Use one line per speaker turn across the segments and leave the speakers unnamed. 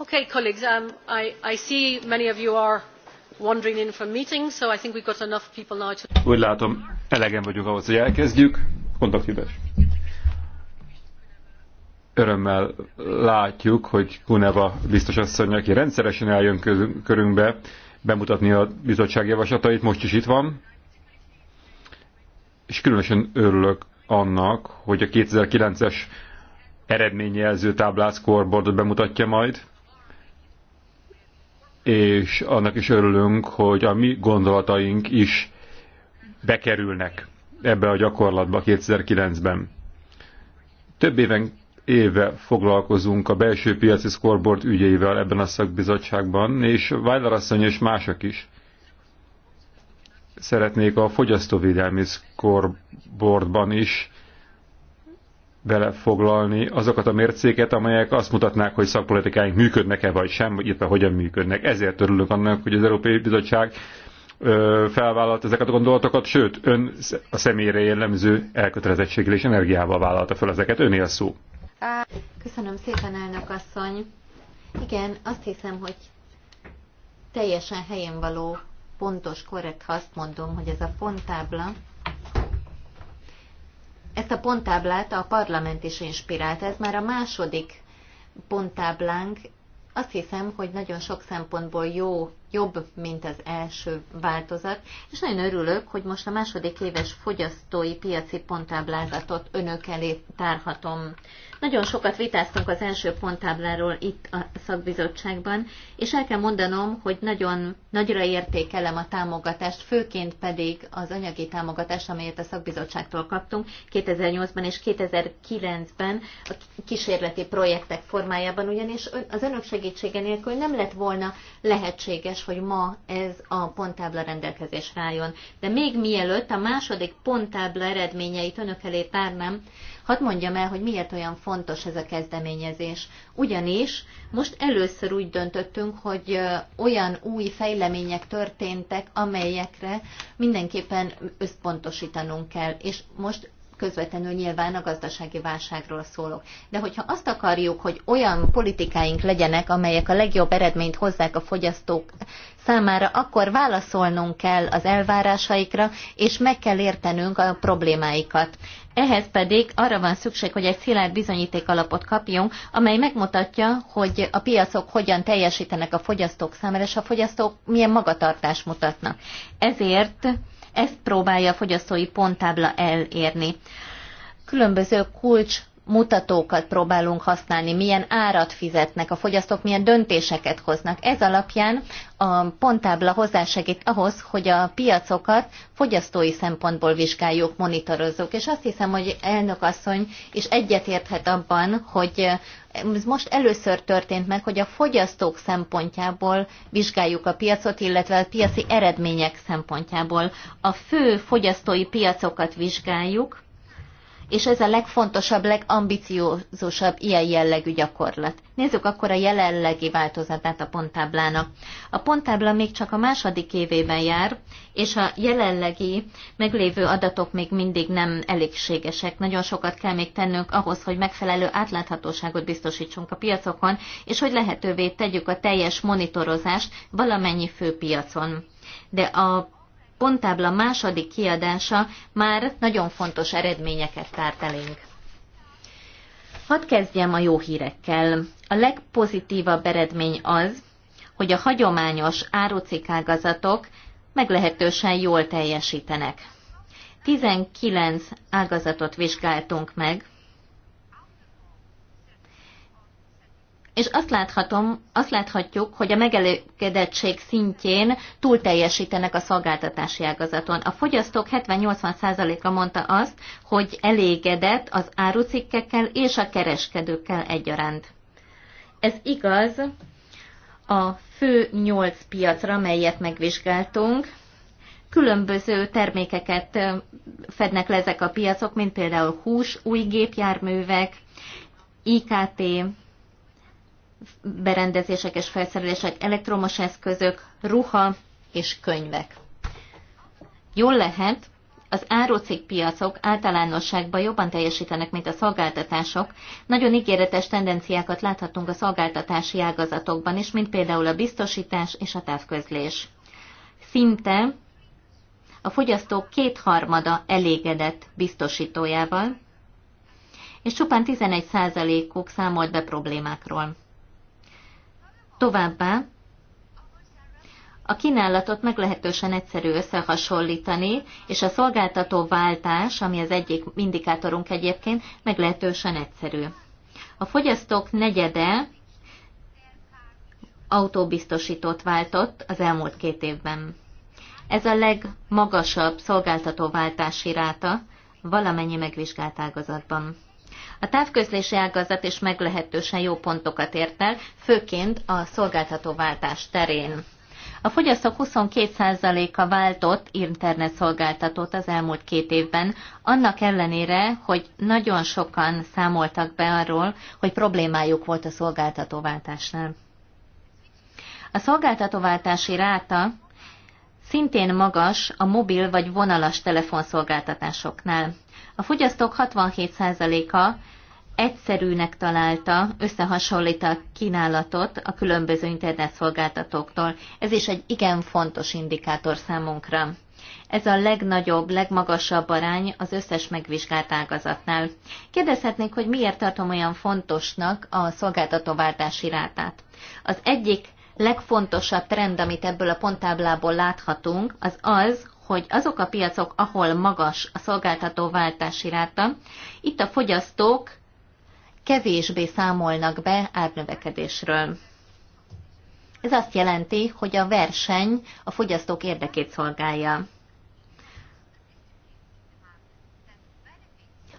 Okay, colleagues, um, I, I see many of you are wandering in from meetings, so I think we've got enough people now to... Úgy látom, elegen vagyunk ahhoz, hogy elkezdjük. Kontaktívás. Örömmel látjuk, hogy Kuneva biztos asszony, aki rendszeresen eljön körünkbe bemutatni a bizottság javaslatait, most is itt van. És különösen örülök annak, hogy a 2009-es eredményjelző táblát, scoreboardot bemutatja majd és annak is örülünk, hogy a mi gondolataink is bekerülnek ebbe a gyakorlatba 2009-ben. Több éven éve foglalkozunk a belső piaci scoreboard ügyeivel ebben a szakbizottságban, és Weiler asszony és mások is szeretnék a fogyasztóvédelmi scoreboardban is vele foglalni azokat a mércéket, amelyek azt mutatnák, hogy szakpolitikáink működnek-e vagy sem, vagy éppen hogyan működnek. Ezért örülök annak, hogy az Európai Bizottság felvállalt ezeket a gondolatokat, sőt, ön a személyre jellemző elkötelezettséggel és energiával vállalta fel ezeket. él szó.
Köszönöm szépen, elnök asszony. Igen, azt hiszem, hogy teljesen helyen való, pontos, korrekt, ha azt mondom, hogy ez a ponttábla ezt a ponttáblát a parlament is inspirált. ez már a második ponttáblánk. Azt hiszem, hogy nagyon sok szempontból jó jobb, mint az első változat, és nagyon örülök, hogy most a második éves fogyasztói piaci ponttáblázatot önök elé tárhatom. Nagyon sokat vitáztunk az első ponttábláról itt a szakbizottságban, és el kell mondanom, hogy nagyon nagyra értékelem a támogatást, főként pedig az anyagi támogatást, amelyet a szakbizottságtól kaptunk 2008-ban és 2009-ben a kísérleti projektek formájában, ugyanis az önök segítsége nélkül nem lett volna lehetséges szükséges, hogy ma ez a ponttábla rendelkezésre álljon. De még mielőtt a második ponttábla eredményeit önök elé tárnám, hadd mondjam el, hogy miért olyan fontos ez a kezdeményezés. Ugyanis most először úgy döntöttünk, hogy olyan új fejlemények történtek, amelyekre mindenképpen összpontosítanunk kell. És most közvetlenül nyilván a gazdasági válságról szólok. De hogyha azt akarjuk, hogy olyan politikáink legyenek, amelyek a legjobb eredményt hozzák a fogyasztók számára, akkor válaszolnunk kell az elvárásaikra, és meg kell értenünk a problémáikat. Ehhez pedig arra van szükség, hogy egy szilárd bizonyíték alapot kapjunk, amely megmutatja, hogy a piacok hogyan teljesítenek a fogyasztók számára, és a fogyasztók milyen magatartást mutatnak. Ezért ezt próbálja a fogyasztói ponttábla elérni. Különböző kulcs mutatókat próbálunk használni, milyen árat fizetnek a fogyasztók, milyen döntéseket hoznak. Ez alapján a ponttábla hozzásegít ahhoz, hogy a piacokat fogyasztói szempontból vizsgáljuk, monitorozzuk. És azt hiszem, hogy elnök asszony is egyetérthet abban, hogy ez most először történt meg, hogy a fogyasztók szempontjából vizsgáljuk a piacot, illetve a piaci eredmények szempontjából. A fő fogyasztói piacokat vizsgáljuk, és ez a legfontosabb, legambiciózusabb ilyen jellegű gyakorlat. Nézzük akkor a jelenlegi változatát a ponttáblának. A ponttábla még csak a második évében jár, és a jelenlegi meglévő adatok még mindig nem elégségesek. Nagyon sokat kell még tennünk ahhoz, hogy megfelelő átláthatóságot biztosítsunk a piacokon, és hogy lehetővé tegyük a teljes monitorozást valamennyi főpiacon. De a Pontábla második kiadása már nagyon fontos eredményeket tárt elénk. Hadd kezdjem a jó hírekkel. A legpozitívabb eredmény az, hogy a hagyományos árucikágazatok meglehetősen jól teljesítenek. 19 ágazatot vizsgáltunk meg, és azt, láthatom, azt láthatjuk, hogy a megelőkedettség szintjén túl teljesítenek a szolgáltatási ágazaton. A fogyasztók 70-80%-a mondta azt, hogy elégedett az árucikkekkel és a kereskedőkkel egyaránt. Ez igaz a fő nyolc piacra, melyet megvizsgáltunk, különböző termékeket fednek le ezek a piacok, mint például hús, új gépjárművek, IKT, berendezések és felszerelések, elektromos eszközök, ruha és könyvek. Jól lehet, az árucik piacok általánosságban jobban teljesítenek, mint a szolgáltatások. Nagyon ígéretes tendenciákat láthatunk a szolgáltatási ágazatokban is, mint például a biztosítás és a távközlés. Szinte a fogyasztók kétharmada elégedett biztosítójával, és csupán 11%-uk számolt be problémákról. Továbbá a kínálatot meglehetősen egyszerű összehasonlítani, és a szolgáltató váltás, ami az egyik indikátorunk egyébként, meglehetősen egyszerű. A fogyasztók negyede autóbiztosítót váltott az elmúlt két évben. Ez a legmagasabb szolgáltatóváltási ráta valamennyi megvizsgált ágazatban. A távközlési ágazat is meglehetősen jó pontokat ért el, főként a szolgáltatóváltás terén. A fogyasztók 22%-a váltott szolgáltatót az elmúlt két évben, annak ellenére, hogy nagyon sokan számoltak be arról, hogy problémájuk volt a szolgáltatóváltásnál. A szolgáltatóváltási ráta szintén magas a mobil vagy vonalas telefonszolgáltatásoknál. A fogyasztók 67%-a egyszerűnek találta, összehasonlít a kínálatot a különböző internetszolgáltatóktól. Ez is egy igen fontos indikátor számunkra. Ez a legnagyobb, legmagasabb arány az összes megvizsgált ágazatnál. Kérdezhetnék, hogy miért tartom olyan fontosnak a szolgáltatóváltási rátát. Az egyik legfontosabb trend, amit ebből a ponttáblából láthatunk, az az, hogy azok a piacok, ahol magas a szolgáltató váltási ráta, itt a fogyasztók kevésbé számolnak be árnövekedésről. Ez azt jelenti, hogy a verseny a fogyasztók érdekét szolgálja.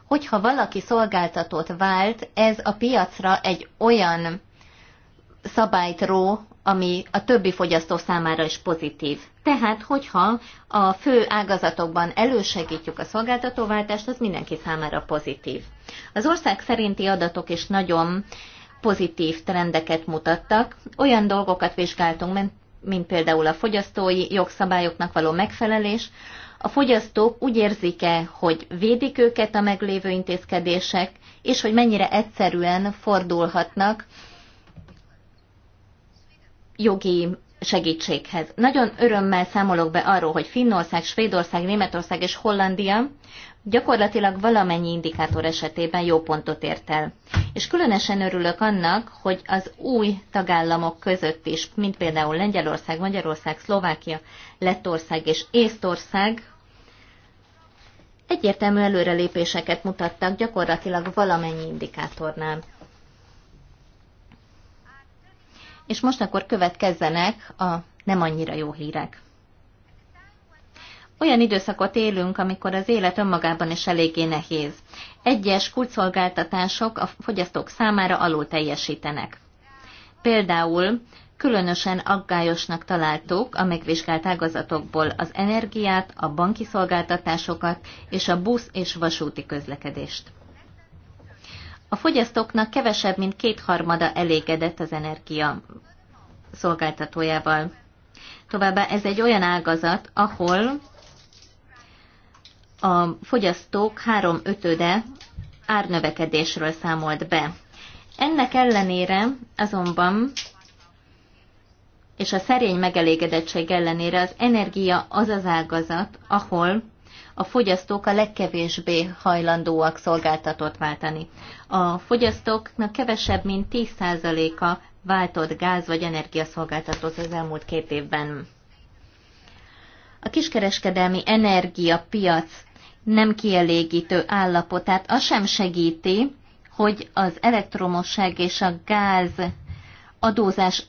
Hogyha valaki szolgáltatót vált, ez a piacra egy olyan szabályt ró, ami a többi fogyasztó számára is pozitív. Tehát, hogyha a fő ágazatokban elősegítjük a szolgáltatóváltást, az mindenki számára pozitív. Az ország szerinti adatok is nagyon pozitív trendeket mutattak. Olyan dolgokat vizsgáltunk, mint például a fogyasztói jogszabályoknak való megfelelés, a fogyasztók úgy érzik-e, hogy védik őket a meglévő intézkedések, és hogy mennyire egyszerűen fordulhatnak jogi segítséghez. Nagyon örömmel számolok be arról, hogy Finnország, Svédország, Németország és Hollandia gyakorlatilag valamennyi indikátor esetében jó pontot ért el. És különösen örülök annak, hogy az új tagállamok között is, mint például Lengyelország, Magyarország, Szlovákia, Lettország és Észtország egyértelmű előrelépéseket mutattak gyakorlatilag valamennyi indikátornál. és most akkor következzenek a nem annyira jó hírek. Olyan időszakot élünk, amikor az élet önmagában is eléggé nehéz. Egyes kulcsszolgáltatások a fogyasztók számára alul teljesítenek. Például különösen aggályosnak találtuk a megvizsgált ágazatokból az energiát, a banki szolgáltatásokat és a busz és vasúti közlekedést. A fogyasztóknak kevesebb, mint kétharmada elégedett az energia szolgáltatójával. Továbbá ez egy olyan ágazat, ahol a fogyasztók három ötöde árnövekedésről számolt be. Ennek ellenére azonban és a szerény megelégedettség ellenére az energia az az ágazat, ahol a fogyasztók a legkevésbé hajlandóak szolgáltatót váltani. A fogyasztóknak kevesebb, mint 10%-a váltott gáz vagy energiaszolgáltatót az elmúlt két évben. A kiskereskedelmi energiapiac nem kielégítő állapotát az sem segíti, hogy az elektromosság és a gáz adózás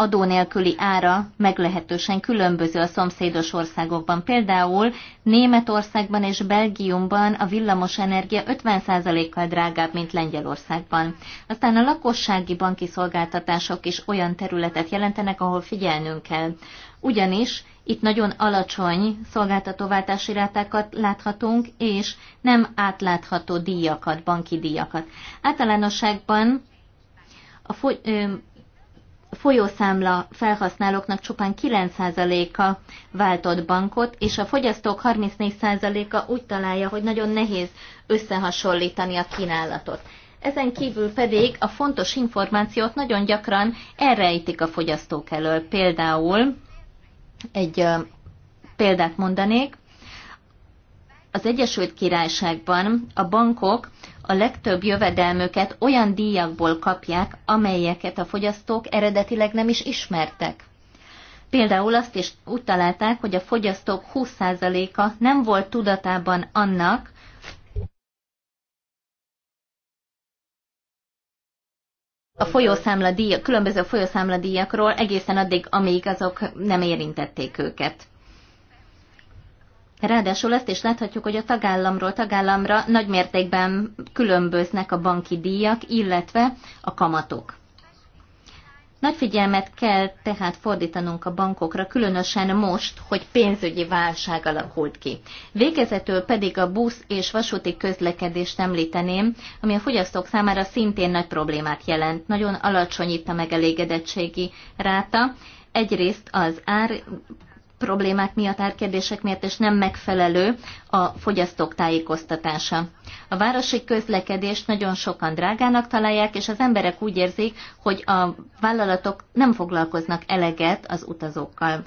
adó nélküli ára meglehetősen különböző a szomszédos országokban. Például Németországban és Belgiumban a villamos energia 50%-kal drágább, mint Lengyelországban. Aztán a lakossági banki szolgáltatások is olyan területet jelentenek, ahol figyelnünk kell. Ugyanis itt nagyon alacsony szolgáltatóváltási rátákat láthatunk, és nem átlátható díjakat, banki díjakat. Általánosságban a fogy- folyószámla felhasználóknak csupán 9%-a váltott bankot, és a fogyasztók 34%-a úgy találja, hogy nagyon nehéz összehasonlítani a kínálatot. Ezen kívül pedig a fontos információt nagyon gyakran elrejtik a fogyasztók elől. Például egy példát mondanék, az Egyesült Királyságban a bankok a legtöbb jövedelmüket olyan díjakból kapják, amelyeket a fogyasztók eredetileg nem is ismertek. Például azt is úgy találták, hogy a fogyasztók 20%-a nem volt tudatában annak, a folyószámla díja, különböző folyószámladíjakról egészen addig, amíg azok nem érintették őket. Ráadásul azt is láthatjuk, hogy a tagállamról tagállamra nagy mértékben különböznek a banki díjak, illetve a kamatok. Nagy figyelmet kell tehát fordítanunk a bankokra, különösen most, hogy pénzügyi válság alakult ki. Végezetül pedig a busz és vasúti közlekedést említeném, ami a fogyasztók számára szintén nagy problémát jelent. Nagyon alacsony itt a megelégedettségi ráta. Egyrészt az ár problémák miatt, árkérdések miatt, és nem megfelelő a fogyasztók tájékoztatása. A városi közlekedést nagyon sokan drágának találják, és az emberek úgy érzik, hogy a vállalatok nem foglalkoznak eleget az utazókkal.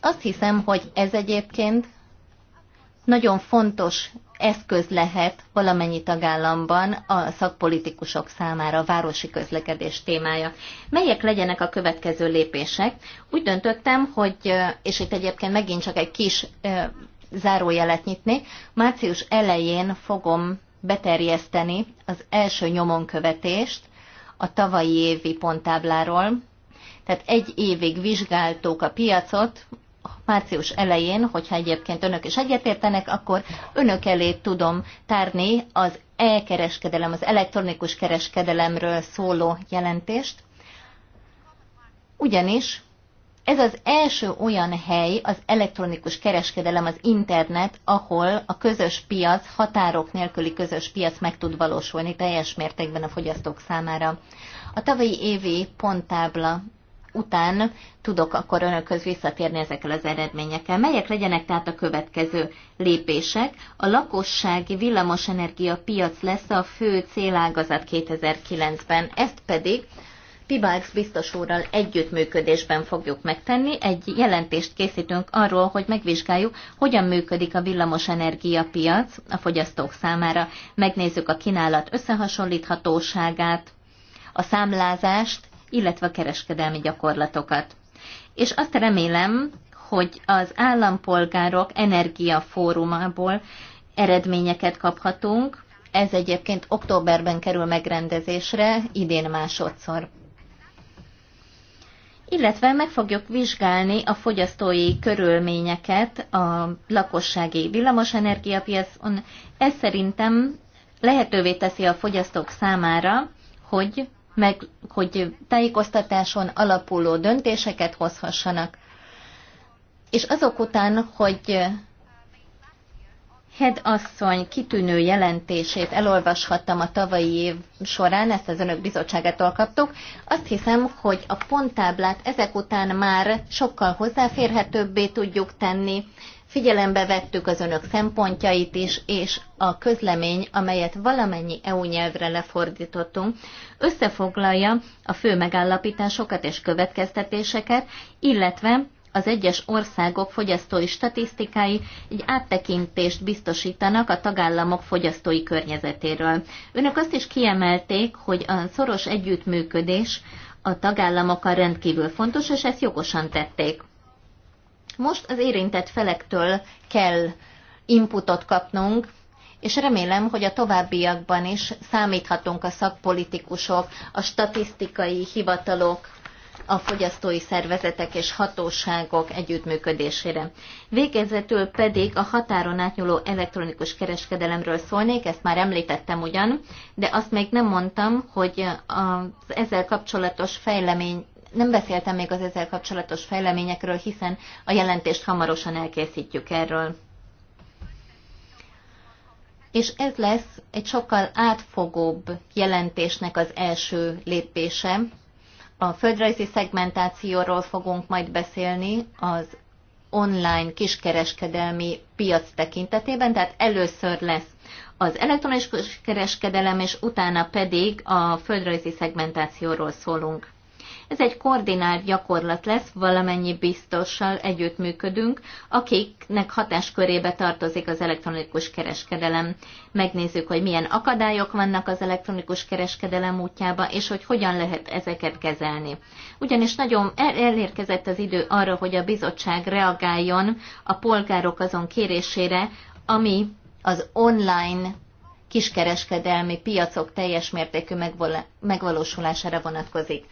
Azt hiszem, hogy ez egyébként nagyon fontos eszköz lehet valamennyi tagállamban a szakpolitikusok számára a városi közlekedés témája. Melyek legyenek a következő lépések? Úgy döntöttem, hogy, és itt egyébként megint csak egy kis zárójelet nyitni, március elején fogom beterjeszteni az első nyomonkövetést a tavalyi évi ponttábláról, tehát egy évig vizsgáltuk a piacot, március elején, hogyha egyébként önök is egyetértenek, akkor önök elé tudom tárni az e-kereskedelem, az elektronikus kereskedelemről szóló jelentést. Ugyanis ez az első olyan hely, az elektronikus kereskedelem, az internet, ahol a közös piac, határok nélküli közös piac meg tud valósulni teljes mértékben a fogyasztók számára. A tavalyi évi ponttábla után tudok akkor önökhöz visszatérni ezekkel az eredményekkel. Melyek legyenek tehát a következő lépések? A lakossági villamosenergia piac lesz a fő célágazat 2009-ben, ezt pedig Pibax biztos úrral együttműködésben fogjuk megtenni. Egy jelentést készítünk arról, hogy megvizsgáljuk, hogyan működik a villamosenergia piac a fogyasztók számára. Megnézzük a kínálat összehasonlíthatóságát, a számlázást, illetve a kereskedelmi gyakorlatokat. És azt remélem, hogy az állampolgárok energiafórumából eredményeket kaphatunk. Ez egyébként októberben kerül megrendezésre, idén másodszor illetve meg fogjuk vizsgálni a fogyasztói körülményeket a lakossági villamosenergiapiacon. Ez szerintem lehetővé teszi a fogyasztók számára, hogy meg hogy tájékoztatáson alapuló döntéseket hozhassanak. És azok után, hogy Head asszony kitűnő jelentését elolvashattam a tavalyi év során, ezt az önök bizottságától kaptuk. Azt hiszem, hogy a ponttáblát ezek után már sokkal hozzáférhetőbbé tudjuk tenni, Figyelembe vettük az önök szempontjait is, és a közlemény, amelyet valamennyi EU nyelvre lefordítottunk, összefoglalja a fő megállapításokat és következtetéseket, illetve az egyes országok fogyasztói statisztikái egy áttekintést biztosítanak a tagállamok fogyasztói környezetéről. Önök azt is kiemelték, hogy a szoros együttműködés a tagállamokkal rendkívül fontos, és ezt jogosan tették. Most az érintett felektől kell inputot kapnunk, és remélem, hogy a továbbiakban is számíthatunk a szakpolitikusok, a statisztikai hivatalok, a fogyasztói szervezetek és hatóságok együttműködésére. Végezetül pedig a határon átnyúló elektronikus kereskedelemről szólnék, ezt már említettem ugyan, de azt még nem mondtam, hogy az ezzel kapcsolatos fejlemény, nem beszéltem még az ezzel kapcsolatos fejleményekről, hiszen a jelentést hamarosan elkészítjük erről. És ez lesz egy sokkal átfogóbb jelentésnek az első lépése. A földrajzi szegmentációról fogunk majd beszélni az online kiskereskedelmi piac tekintetében, tehát először lesz az elektronikus kereskedelem, és utána pedig a földrajzi szegmentációról szólunk. Ez egy koordinált gyakorlat lesz, valamennyi biztossal együttműködünk, akiknek hatáskörébe tartozik az elektronikus kereskedelem. Megnézzük, hogy milyen akadályok vannak az elektronikus kereskedelem útjába, és hogy hogyan lehet ezeket kezelni. Ugyanis nagyon elérkezett az idő arra, hogy a bizottság reagáljon a polgárok azon kérésére, ami az online kiskereskedelmi piacok teljes mértékű megvalósulására vonatkozik.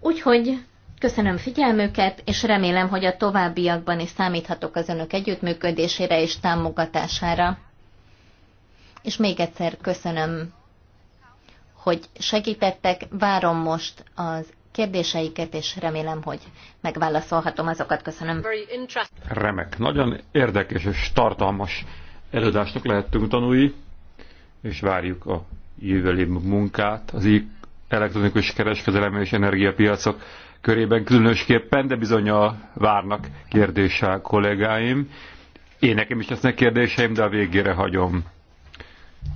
Úgyhogy köszönöm figyelmüket, és remélem, hogy a továbbiakban is számíthatok az önök együttműködésére és támogatására. És még egyszer köszönöm, hogy segítettek, várom most az kérdéseiket, és remélem, hogy megválaszolhatom azokat. Köszönöm.
Remek. Nagyon érdekes és tartalmas előadásnak lehettünk tanulni, és várjuk a jövőli munkát az elektronikus kereskedelem és energiapiacok körében különösképpen, de bizony a várnak a kollégáim. Én nekem is lesznek kérdéseim, de a végére hagyom.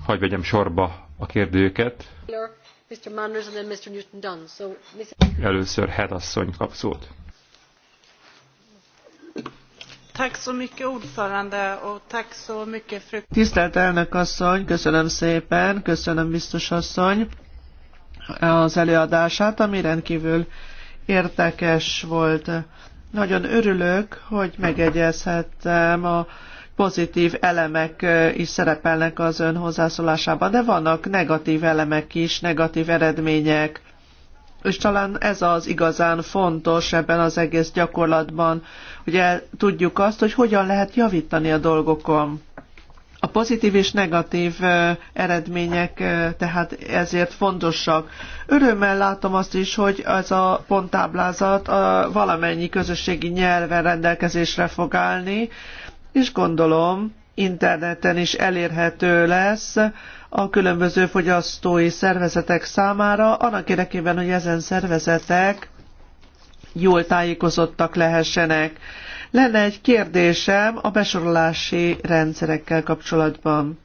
Hagy vegyem sorba a kérdőket. Először Head asszony kap szót.
Tisztelt elnök asszony, köszönöm szépen, köszönöm biztos asszony az előadását, ami rendkívül érdekes volt. Nagyon örülök, hogy megegyezhettem a pozitív elemek is szerepelnek az ön hozzászólásában, de vannak negatív elemek is, negatív eredmények. És talán ez az igazán fontos ebben az egész gyakorlatban, hogy tudjuk azt, hogy hogyan lehet javítani a dolgokon. A pozitív és negatív eredmények tehát ezért fontosak. Örömmel látom azt is, hogy ez a ponttáblázat a valamennyi közösségi nyelven rendelkezésre fog állni, és gondolom interneten is elérhető lesz a különböző fogyasztói szervezetek számára, annak érdekében, hogy ezen szervezetek jól tájékozottak lehessenek. Lenne egy kérdésem a besorolási rendszerekkel kapcsolatban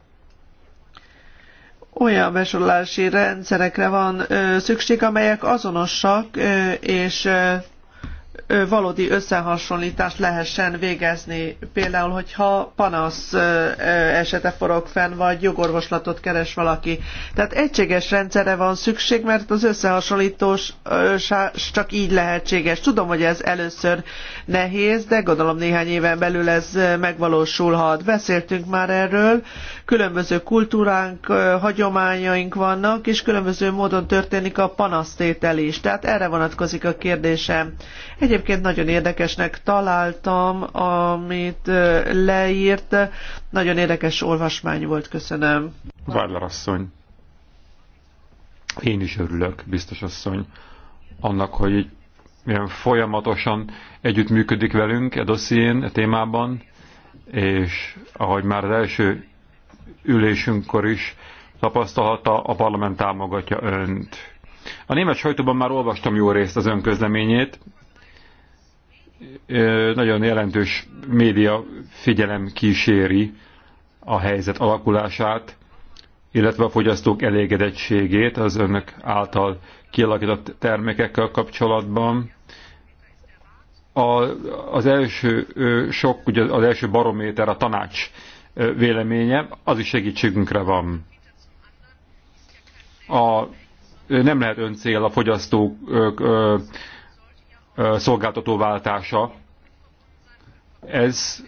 olyan besorolási rendszerekre van szükség, amelyek azonosak és valódi összehasonlítást lehessen végezni. Például, hogyha panasz esete forog fenn, vagy jogorvoslatot keres valaki. Tehát egységes rendszerre van szükség, mert az összehasonlítós csak így lehetséges. Tudom, hogy ez először nehéz, de gondolom néhány éven belül ez megvalósulhat. Beszéltünk már erről, különböző kultúránk, hagyományaink vannak, és különböző módon történik a panasztétel is. Tehát erre vonatkozik a kérdésem. Egy egyébként nagyon érdekesnek találtam, amit leírt. Nagyon érdekes olvasmány volt, köszönöm.
Várlar asszony. Én is örülök, biztos asszony, annak, hogy milyen folyamatosan együttműködik velünk e dosszién, a e témában, és ahogy már az első ülésünkkor is tapasztalhatta, a parlament támogatja önt. A német sajtóban már olvastam jó részt az ön közleményét, nagyon jelentős média figyelem kíséri a helyzet alakulását, illetve a fogyasztók elégedettségét az önök által kialakított termékekkel kapcsolatban. A, az első sok, ugye az első barométer a tanács véleménye, az is segítségünkre van. A, nem lehet öncél a fogyasztók szolgáltató váltása. Ez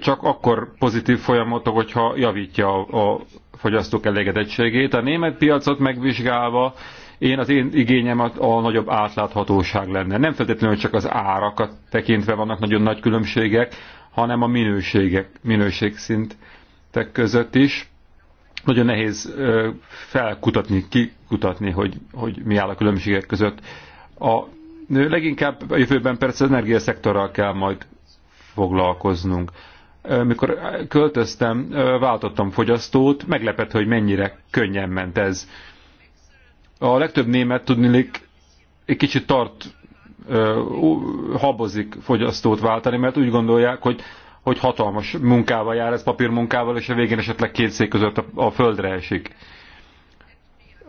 csak akkor pozitív folyamat, hogyha javítja a fogyasztók elégedettségét. A német piacot megvizsgálva én az én igényem a, a nagyobb átláthatóság lenne. Nem feltétlenül csak az árakat tekintve vannak nagyon nagy különbségek, hanem a minőségek, minőségszintek között is. Nagyon nehéz felkutatni, kikutatni, hogy, hogy mi áll a különbségek között. A Leginkább a jövőben persze az energiaszektorral kell majd foglalkoznunk. Mikor költöztem, váltottam fogyasztót, meglepett, hogy mennyire könnyen ment ez. A legtöbb német tudnilik egy kicsit tart, habozik fogyasztót váltani, mert úgy gondolják, hogy hogy hatalmas munkával jár ez papírmunkával, és a végén esetleg két szék között a, a földre esik.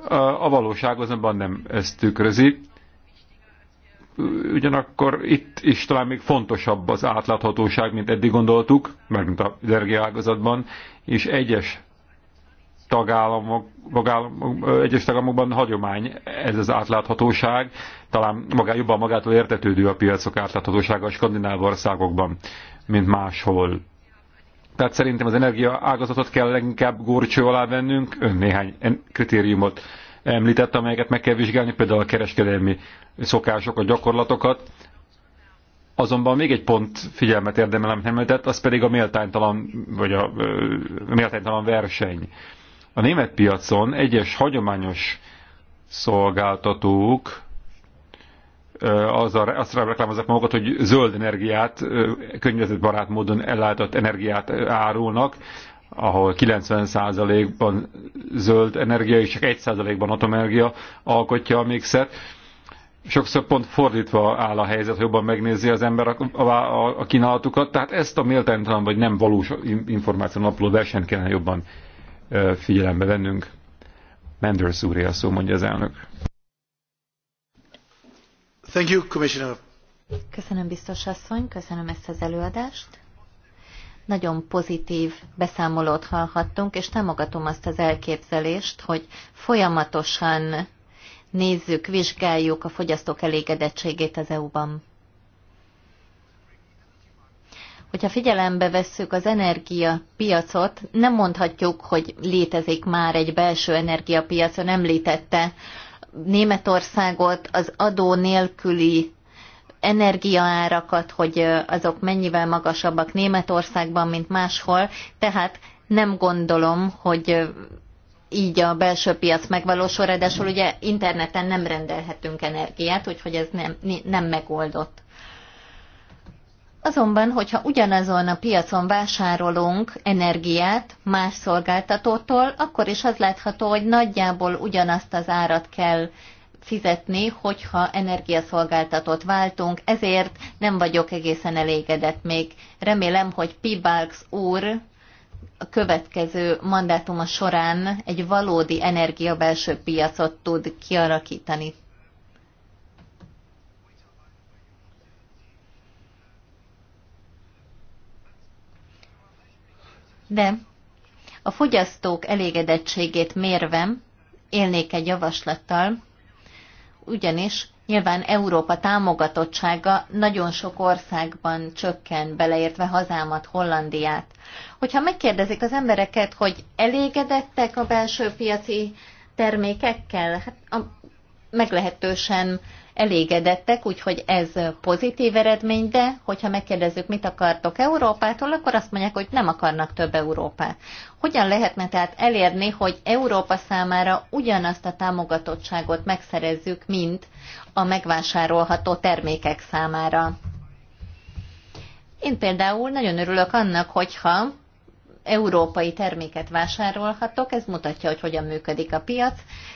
A, a valóság azonban nem ezt tükrözi ugyanakkor itt is talán még fontosabb az átláthatóság, mint eddig gondoltuk, mint az energiaágazatban, és egyes tagállamok, tagállamok, egyes tagállamokban hagyomány ez az átláthatóság, talán magá, jobban magától értetődő a piacok átláthatósága a skandináv országokban, mint máshol. Tehát szerintem az energiaágazatot kell leginkább górcső alá vennünk, ön néhány kritériumot említett, amelyeket meg kell vizsgálni, például a kereskedelmi szokásokat, gyakorlatokat. Azonban még egy pont figyelmet érdemel, amit említett, az pedig a méltánytalan, vagy a, a méltánytalan verseny. A német piacon egyes hagyományos szolgáltatók az a azt reklámozzák magukat, hogy zöld energiát, környezetbarát módon ellátott energiát árulnak, ahol 90%-ban zöld energia és csak 1%-ban atomenergia alkotja a mixet. Sokszor pont fordítva áll a helyzet, hogy jobban megnézi az ember a, a, a, a kínálatukat, tehát ezt a méltánytalan vagy nem valós információ napló versenyt kellene jobban ö, figyelembe vennünk. Menders úr, a szó, mondja az elnök.
Thank you, Commissioner. Köszönöm, biztos asszony, köszönöm ezt az előadást. Nagyon pozitív beszámolót hallhattunk, és támogatom azt az elképzelést, hogy folyamatosan nézzük, vizsgáljuk a fogyasztók elégedettségét az EU-ban. Hogyha figyelembe vesszük az energiapiacot, nem mondhatjuk, hogy létezik már egy belső energiapiac, nem említette Németországot, az adó nélküli energiaárakat, hogy azok mennyivel magasabbak Németországban, mint máshol, tehát nem gondolom, hogy így a belső piac megvalósul, ráadásul ugye interneten nem rendelhetünk energiát, úgyhogy ez nem, nem megoldott. Azonban, hogyha ugyanazon a piacon vásárolunk energiát más szolgáltatótól, akkor is az látható, hogy nagyjából ugyanazt az árat kell fizetni, hogyha energiaszolgáltatót váltunk, ezért nem vagyok egészen elégedett még. Remélem, hogy Barks úr a következő mandátuma során egy valódi energiabelső piacot tud kialakítani. De a fogyasztók elégedettségét mérve élnék egy javaslattal, ugyanis nyilván Európa támogatottsága nagyon sok országban csökken, beleértve hazámat, Hollandiát. Hogyha megkérdezik az embereket, hogy elégedettek a belső piaci termékekkel, hát a meglehetősen elégedettek, úgyhogy ez pozitív eredmény, de hogyha megkérdezzük, mit akartok Európától, akkor azt mondják, hogy nem akarnak több Európát. Hogyan lehetne tehát elérni, hogy Európa számára ugyanazt a támogatottságot megszerezzük, mint a megvásárolható termékek számára? Én például nagyon örülök annak, hogyha európai terméket vásárolhatok, ez mutatja, hogy hogyan működik a piac.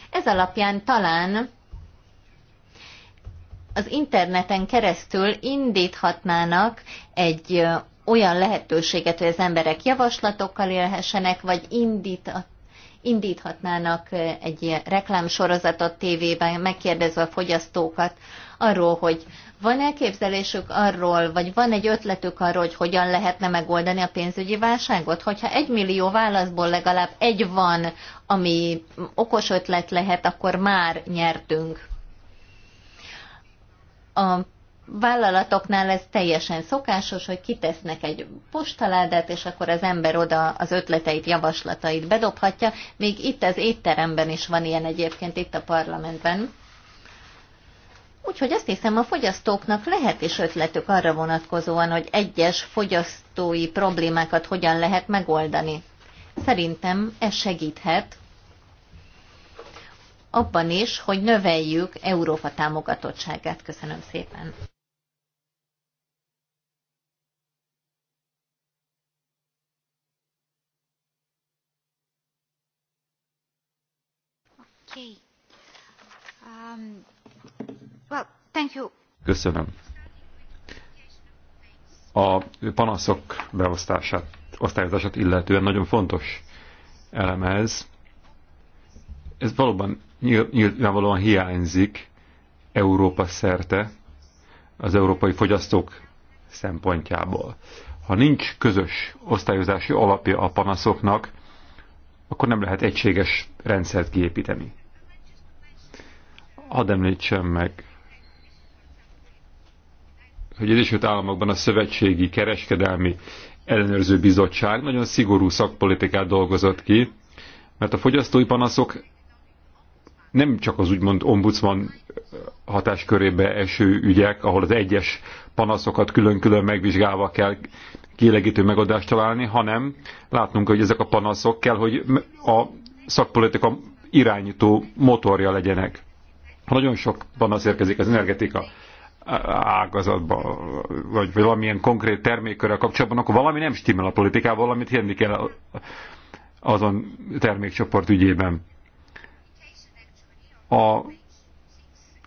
Ez alapján talán az interneten keresztül indíthatnának egy olyan lehetőséget, hogy az emberek javaslatokkal élhessenek, vagy indít, indíthatnának egy ilyen reklámsorozatot tévében, megkérdezve a fogyasztókat arról, hogy van elképzelésük arról, vagy van egy ötletük arról, hogy hogyan lehetne megoldani a pénzügyi válságot? Hogyha egy millió válaszból legalább egy van, ami okos ötlet lehet, akkor már nyertünk a vállalatoknál ez teljesen szokásos, hogy kitesznek egy postaládát, és akkor az ember oda az ötleteit, javaslatait bedobhatja. Még itt az étteremben is van ilyen egyébként, itt a parlamentben. Úgyhogy azt hiszem, a fogyasztóknak lehet is ötletük arra vonatkozóan, hogy egyes fogyasztói problémákat hogyan lehet megoldani. Szerintem ez segíthet abban is, hogy növeljük Európa támogatottságát. Köszönöm szépen! Um,
Köszönöm. A panaszok beosztását, osztályozását illetően nagyon fontos elem ez. Ez valóban nyilvánvalóan hiányzik Európa szerte az európai fogyasztók szempontjából. Ha nincs közös osztályozási alapja a panaszoknak, akkor nem lehet egységes rendszert kiépíteni. Hadd említsem meg, hogy az Egyesült Államokban a Szövetségi Kereskedelmi Ellenőrző Bizottság nagyon szigorú szakpolitikát dolgozott ki, mert a fogyasztói panaszok nem csak az úgymond ombudsman hatáskörébe eső ügyek, ahol az egyes panaszokat külön-külön megvizsgálva kell kielegítő megoldást találni, hanem látnunk, hogy ezek a panaszok kell, hogy a szakpolitika irányító motorja legyenek. Nagyon sok panasz érkezik az energetika ágazatba, vagy valamilyen konkrét termékkörrel kapcsolatban, akkor valami nem stimmel a politikával, valamit hinni kell azon termékcsoport ügyében. A,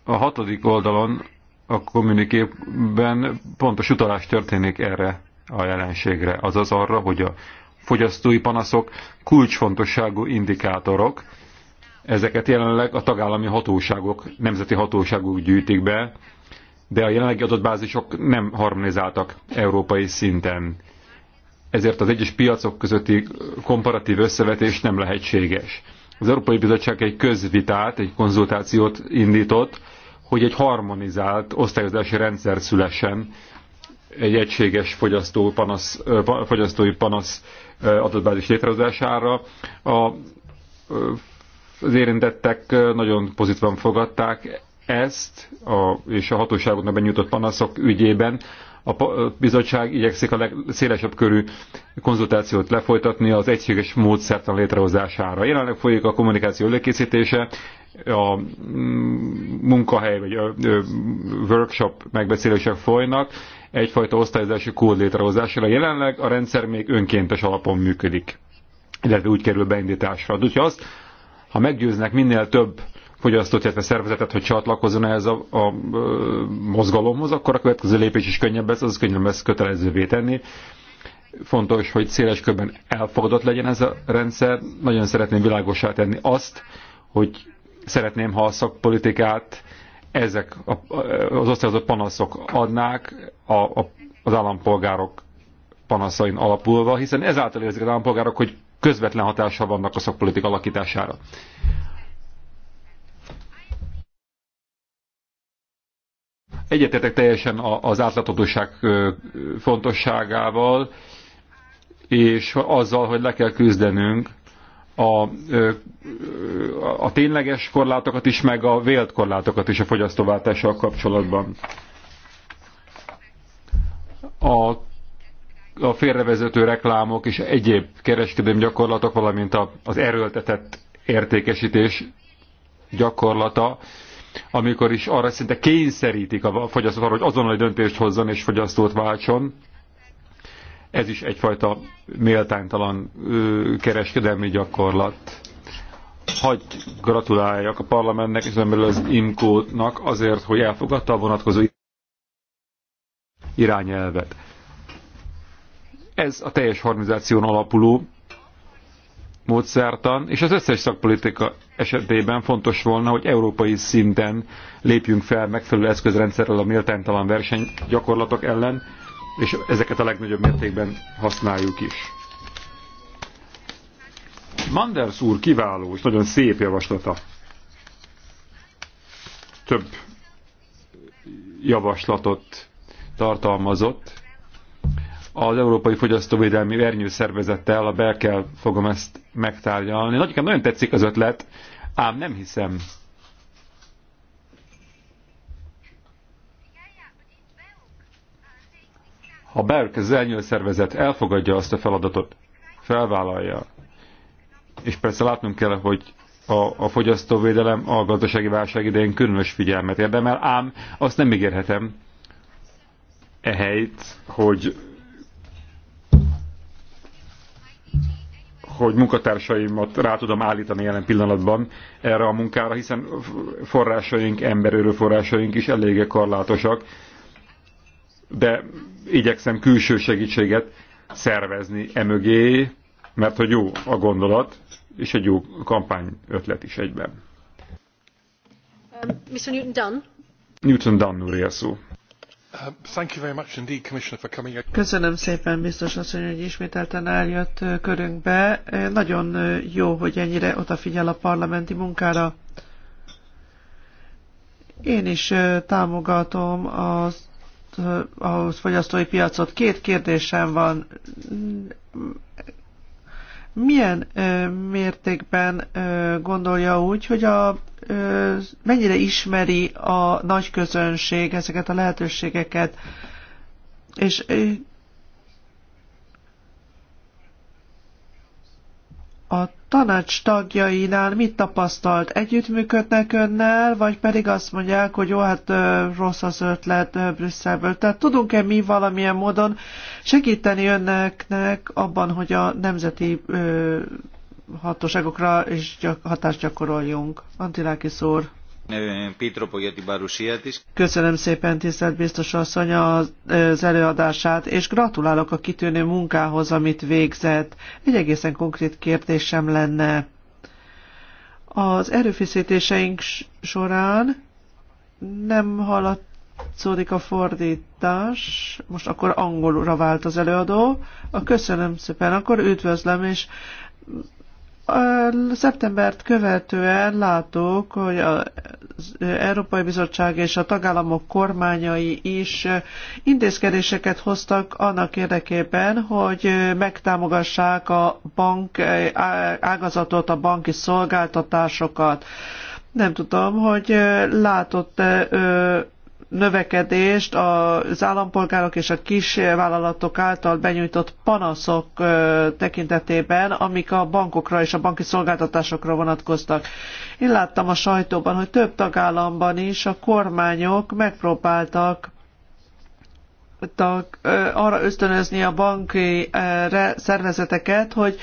a hatodik oldalon a kommunikében pontos utalás történik erre a jelenségre, azaz arra, hogy a fogyasztói panaszok kulcsfontosságú indikátorok, ezeket jelenleg a tagállami hatóságok, nemzeti hatóságok gyűjtik be, de a jelenlegi adatbázisok nem harmonizáltak európai szinten. Ezért az egyes piacok közötti komparatív összevetés nem lehetséges az Európai Bizottság egy közvitát, egy konzultációt indított, hogy egy harmonizált osztályozási rendszer szülessen, egy egységes fogyasztó panasz, fogyasztói panasz adatbázis létrehozására. A, az érintettek nagyon pozitívan fogadták ezt, a, és a hatóságoknak benyújtott panaszok ügyében a bizottság igyekszik a legszélesebb körű konzultációt lefolytatni az egységes módszertan létrehozására. Jelenleg folyik a kommunikáció előkészítése, a mm, munkahely vagy a workshop megbeszélések folynak, egyfajta osztályozási kód létrehozására. Jelenleg a rendszer még önkéntes alapon működik, illetve úgy kerül beindításra. Úgyhogy azt, ha meggyőznek minél több fogyasztót, illetve szervezetet, hogy csatlakozzon ehhez a, a, a mozgalomhoz, akkor a következő lépés is könnyebb lesz, az könnyebb lesz kötelezővé tenni. Fontos, hogy széles körben elfogadott legyen ez a rendszer. Nagyon szeretném világosá tenni azt, hogy szeretném, ha a szakpolitikát ezek a, az osztályozott panaszok adnák a, a, az állampolgárok panaszain alapulva, hiszen ezáltal érzik az állampolgárok, hogy közvetlen hatással vannak a szakpolitika alakítására. egyetértek teljesen az átláthatóság fontosságával, és azzal, hogy le kell küzdenünk a, a tényleges korlátokat is, meg a vélt korlátokat is a fogyasztóváltással kapcsolatban. A, a félrevezető reklámok és egyéb kereskedelmi gyakorlatok, valamint az erőltetett értékesítés gyakorlata amikor is arra szinte kényszerítik a fogyasztót arra, hogy azonnali döntést hozzon és fogyasztót váltson. Ez is egyfajta méltánytalan kereskedelmi gyakorlat. Hagy gratuláljak a parlamentnek és belül az IMCO-nak azért, hogy elfogadta a vonatkozó irányelvet. Ez a teljes harmonizáción alapuló módszertan, és az összes szakpolitika esetében fontos volna, hogy európai szinten lépjünk fel megfelelő eszközrendszerrel a méltánytalan gyakorlatok ellen, és ezeket a legnagyobb mértékben használjuk is. Manders úr kiváló és nagyon szép javaslata. Több javaslatot tartalmazott, az Európai Fogyasztóvédelmi Vernyőszervezettel, a Belkel fogom ezt megtárgyalni. Nagyon, nagyon tetszik az ötlet, ám nem hiszem, Ha Berk, az elnyőszervezet elfogadja azt a feladatot, felvállalja, és persze látnunk kell, hogy a, a fogyasztóvédelem a gazdasági válság idején különös figyelmet érdemel, ám azt nem ígérhetem ehelyt, hogy hogy munkatársaimat rá tudom állítani jelen pillanatban erre a munkára, hiszen forrásaink, forrásaink is eléggé korlátosak, de igyekszem külső segítséget szervezni emögé, mert hogy jó a gondolat, és egy jó kampány ötlet is egyben. Um, Mr. Newton Dunn. Newton Dunn úr szó. Uh,
Köszönöm szépen, biztos asszony, hogy ismételten eljött uh, körünkbe. Uh, nagyon jó, hogy ennyire odafigyel a parlamenti munkára. Én is támogatom az a fogyasztói piacot. Két kérdésem van. Milyen mértékben gondolja úgy, hogy a mennyire ismeri a nagy közönség ezeket a lehetőségeket. És a tanács tagjainál mit tapasztalt? Együttműködnek önnel, vagy pedig azt mondják, hogy jó, hát rossz az ötlet Brüsszelből. Tehát tudunk-e mi valamilyen módon segíteni önneknek abban, hogy a nemzeti hatóságokra is hatást gyakoroljunk. Antiláki szór. Köszönöm szépen, tisztelt biztos asszony, az előadását, és gratulálok a kitűnő munkához, amit végzett. Egy egészen konkrét kérdésem lenne. Az erőfeszítéseink során nem haladszódik a fordítás, most akkor angolra vált az előadó. Köszönöm szépen, akkor üdvözlöm, és Szeptembert követően látok, hogy az Európai Bizottság és a tagállamok kormányai is intézkedéseket hoztak annak érdekében, hogy megtámogassák a bank ágazatot, a banki szolgáltatásokat. Nem tudom, hogy látott -e növekedést az állampolgárok és a kisvállalatok által benyújtott panaszok tekintetében, amik a bankokra és a banki szolgáltatásokra vonatkoztak. Én láttam a sajtóban, hogy több tagállamban is a kormányok megpróbáltak arra ösztönözni a banki szervezeteket, hogy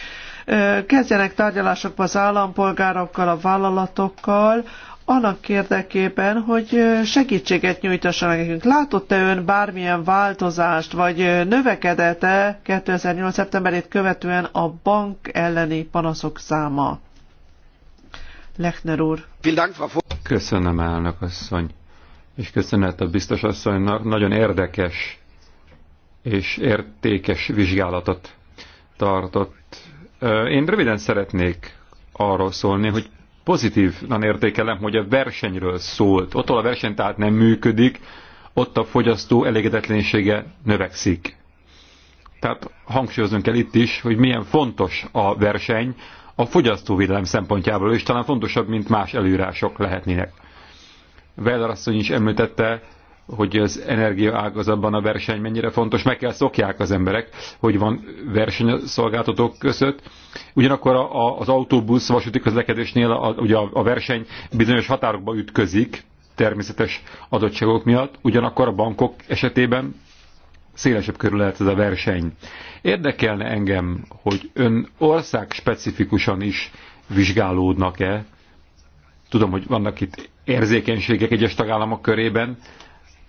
kezdjenek tárgyalásokba az állampolgárokkal, a vállalatokkal, annak érdekében, hogy segítséget nyújtassanak nekünk. Látott-e ön bármilyen változást, vagy növekedett-e 2008. szeptemberét követően a bank elleni panaszok száma? Lechner úr.
Köszönöm, elnök asszony, és köszönet a biztos asszonynak. Nagyon érdekes és értékes vizsgálatot tartott. Én röviden szeretnék arról szólni, hogy pozitívan értékelem, hogy a versenyről szólt. Ott, a verseny tehát nem működik, ott a fogyasztó elégedetlensége növekszik. Tehát hangsúlyoznunk kell itt is, hogy milyen fontos a verseny a fogyasztóvédelem szempontjából, és talán fontosabb, mint más előírások lehetnének. Veller asszony is említette, hogy az energia ágazatban a verseny mennyire fontos. Meg kell szokják az emberek, hogy van verseny a szolgáltatók között. Ugyanakkor a, a, az autóbusz vasúti közlekedésnél a, ugye a, a verseny bizonyos határokba ütközik természetes adottságok miatt, ugyanakkor a bankok esetében szélesebb körül lehet ez a verseny. Érdekelne engem, hogy ön ország specifikusan is vizsgálódnak-e? Tudom, hogy vannak itt érzékenységek egyes tagállamok körében,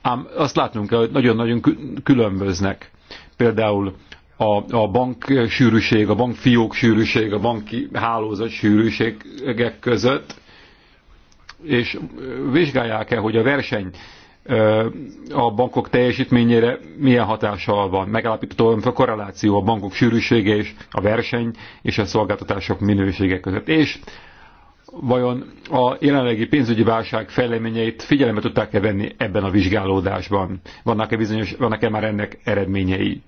Ám azt látnunk kell, hogy nagyon-nagyon különböznek. Például a, a bank sűrűség, a bank fiók sűrűség, a banki hálózat sűrűségek között, és vizsgálják-e, hogy a verseny a bankok teljesítményére milyen hatással van. Megállapító a korreláció a bankok sűrűsége és a verseny és a szolgáltatások minősége között. És vajon a jelenlegi pénzügyi válság fejleményeit figyelembe tudták-e venni ebben a vizsgálódásban? Vannak-e bizonyos, vannak-e már ennek eredményei?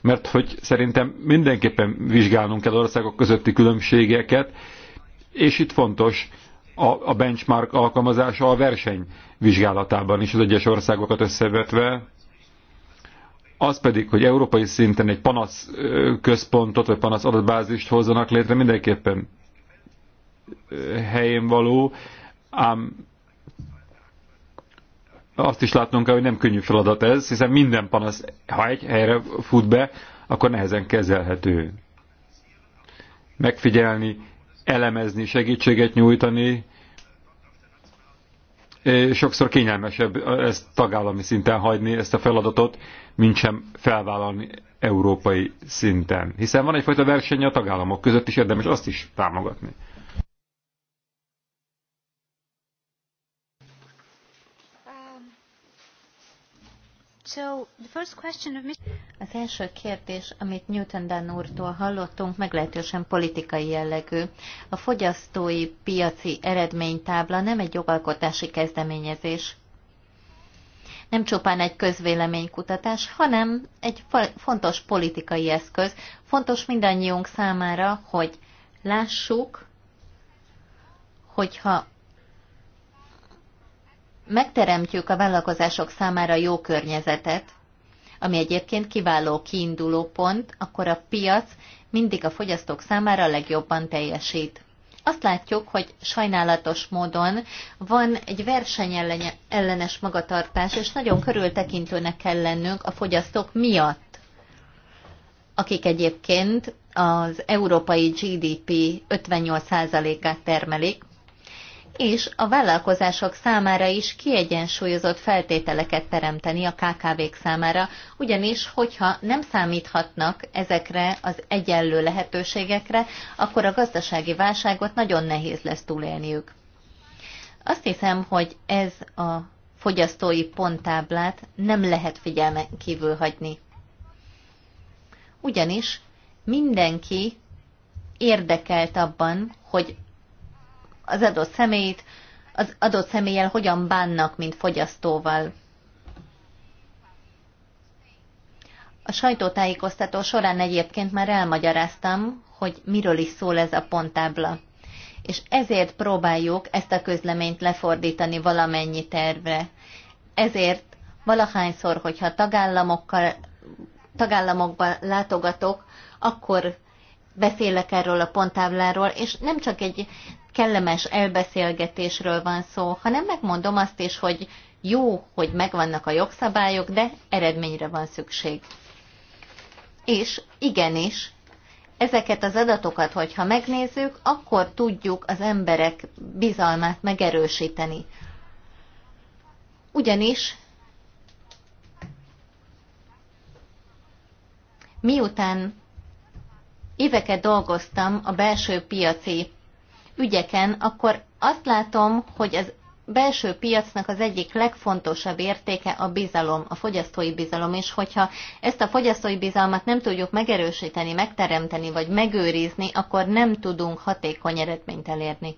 Mert hogy szerintem mindenképpen vizsgálnunk kell országok közötti különbségeket, és itt fontos a, a benchmark alkalmazása a verseny vizsgálatában is az egyes országokat összevetve, az pedig, hogy európai szinten egy panasz központot vagy panasz adatbázist hozzanak létre, mindenképpen helyén való, ám azt is látnunk kell, hogy nem könnyű feladat ez, hiszen minden panasz, ha egy helyre fut be, akkor nehezen kezelhető. Megfigyelni, elemezni, segítséget nyújtani, sokszor kényelmesebb ezt tagállami szinten hagyni, ezt a feladatot, mint sem felvállalni európai szinten. Hiszen van egyfajta verseny a tagállamok között, és érdemes azt is támogatni.
So, the first question of Az első kérdés, amit Newton Dan úrtól hallottunk, meglehetősen politikai jellegű. A fogyasztói piaci eredménytábla nem egy jogalkotási kezdeményezés. Nem csupán egy közvéleménykutatás, hanem egy fontos politikai eszköz. Fontos mindannyiunk számára, hogy lássuk, hogyha megteremtjük a vállalkozások számára jó környezetet, ami egyébként kiváló kiinduló pont, akkor a piac mindig a fogyasztók számára a legjobban teljesít. Azt látjuk, hogy sajnálatos módon van egy versenyellenes magatartás, és nagyon körültekintőnek kell lennünk a fogyasztók miatt, akik egyébként az európai GDP 58%-át termelik, és a vállalkozások számára is kiegyensúlyozott feltételeket teremteni a KKV-k számára, ugyanis hogyha nem számíthatnak ezekre az egyenlő lehetőségekre, akkor a gazdasági válságot nagyon nehéz lesz túlélniük. Azt hiszem, hogy ez a fogyasztói ponttáblát nem lehet figyelmen kívül hagyni. Ugyanis mindenki érdekelt abban, hogy az adott személyt, az adott személlyel hogyan bánnak, mint fogyasztóval. A sajtótájékoztató során egyébként már elmagyaráztam, hogy miről is szól ez a ponttábla. És ezért próbáljuk ezt a közleményt lefordítani valamennyi tervre. Ezért valahányszor, hogyha tagállamokkal, tagállamokban látogatok, akkor beszélek erről a ponttábláról, és nem csak egy kellemes elbeszélgetésről van szó, hanem megmondom azt is, hogy jó, hogy megvannak a jogszabályok, de eredményre van szükség. És igenis, ezeket az adatokat, hogyha megnézzük, akkor tudjuk az emberek bizalmát megerősíteni. Ugyanis miután éveket dolgoztam a belső piaci ügyeken, akkor azt látom, hogy az belső piacnak az egyik legfontosabb értéke a bizalom, a fogyasztói bizalom, és hogyha ezt a fogyasztói bizalmat nem tudjuk megerősíteni, megteremteni vagy megőrizni, akkor nem tudunk hatékony eredményt elérni.